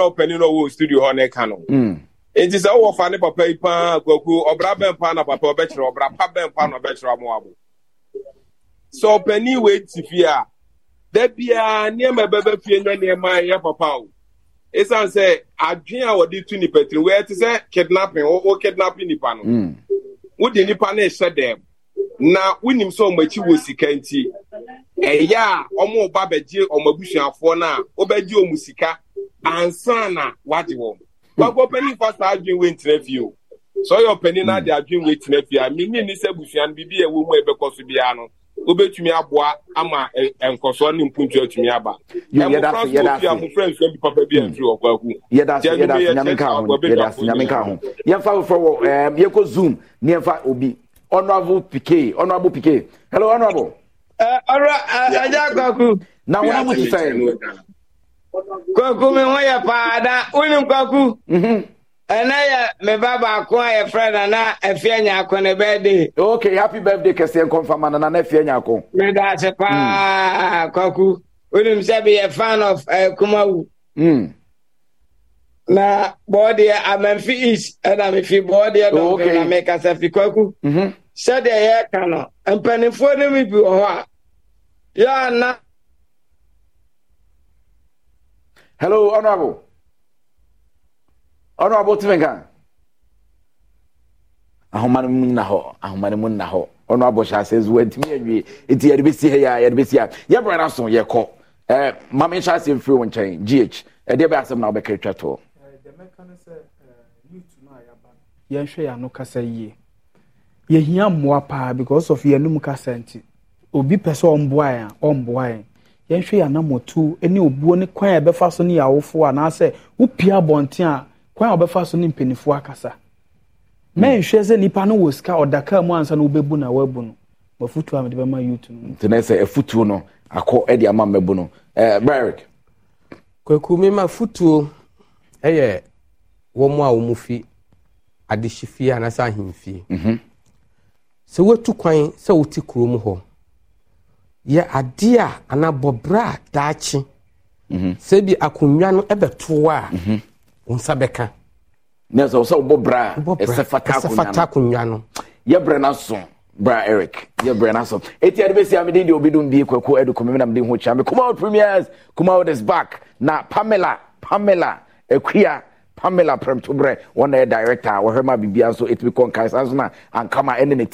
ɔpani no ɔwɔ studio hɔ ne ka no mm. nti sɛ wowɔ fa ne papa yi paa kwaku ɔbra bɛn paa na papa ɔbɛkyerɛ ɔbra pa bɛn paa na ɔbɛkyerɛ mo abo sɛ ɔpani wei ti fie a da biaa nneɛma bɛbɛ fie nyɛ nneɛma ɛyɛ papa o ɛsiane sɛ adwene a wɔde tu nipa tiri wɔyɛ te sɛ kidnapping wɔ nipa no mm. wode nipa no ɛhyɛ dɛm na wonim sɛ ɔmo akyi wɔ sika nti ɛyɛ a ɔmo bɛgye ɔmo abusuafoɔ no a ɔbɛgye ɔmo sika na wagye wɔn fa saa adwene wɔ ntina o na mm. adwene wɔ ntina a ni sɛ busua no obetumi aboa ama nkɔsɔ ne mpuntu atumi aba mmɔfra nso fi amofra nsuo bi papa bi ɛntiri wɔ kwaku jɛnu bi yɛ kyɛ agba bɛ da fo nyinaa. yɛnfa foforɔ wɔ ɛɛ yɛkɔ zoom ne yɛnfa obi honourable pk honourable pk hello honourable. ɛ ɔrɔ ajá kwaku. na wọn amu ti sɛ. kwaku mi wọn yɛ paada wọn ni kwaku. Mm-hmm. ɛnɛ yɛ me baako a yɛfrɛ na na afia nyaako ne bɛde ok happy birthday kɛseɛ nkɔmfama nana na afia nyaako meda paa hmm. kwaku wonim sɛ beyɛ fan of eh, kumawu hmm. na bɔɔdeɛ amamfi east ɛna mefi bɔɔdeɛ dɔnko mekasa fi kwaku mhm. sɛdeɛ yɛka no mpanimfoɔ no mu bi wɔ hɔ a yɛana hello honorable ɔno abotome ka ahoma no mu nna hɔ ahoma no mu nna hɔ ɔno abɔhyɛ asɛ so wantumi awie nti yɛde bɛsi ha yɛa yɛde bɛsi ha yɛbrɛra so yɛkɔ eh, ma menhyɛ asɛm firi wo nkyɛn gh ɛdeɛ bɛ asɛm na wobɛka twa toɔ yɛnhwɛ yɛn ano kasa yie yɛhia mmoa paa because of yɛn anum kasa nti obi pɛ sɛ ɔmboa yɛn a ɔmboa yɛn yɛnhwɛ yɛn anammɔtu ne obuo ne kwan a ɛbɛfa so ne yɛawofoɔ anaasɛ wopia abɔnten a kwan a wɔbɛfa so ne mpanimfoɔ akasa mɛnhwɛ sɛ nipa no wɔ sika ɔdaka mu ansa na wobɛbu na wabu no mafutuo a mede bɛma youth no nti na sɛ afutuo no akɔ de ama mmɛbu no eh, beric kwaku me ma futuo yɛ wɔn a wɔn fi adehyefie anaasɛ ahemfie mhm. sɛ woatu kwan sɛ wote kurom hɔ yɛ adeɛ a anabɔbrɛ a daakye mhm. sɛ bi akonnwa no bɛtoɔ a mhm. wo nsa bɛka na sɛ wo sɛ wobɔ bra a ɛsɛ fata akonnwa no yɛbrɛ no so bra eric yɛbrɛ no so ɛti ade bɛsi a meden deɛ obidom bie kwako adu kɔmemi na mede ho kyia me kumaw premiers kumaw is back na pamela pamela akua pamela prɛmtoberɛ wɔna yɛ director a wɔhwɛ ma biribia nso ɛtumi kɔ nkae sa nso no ankama ɛne ne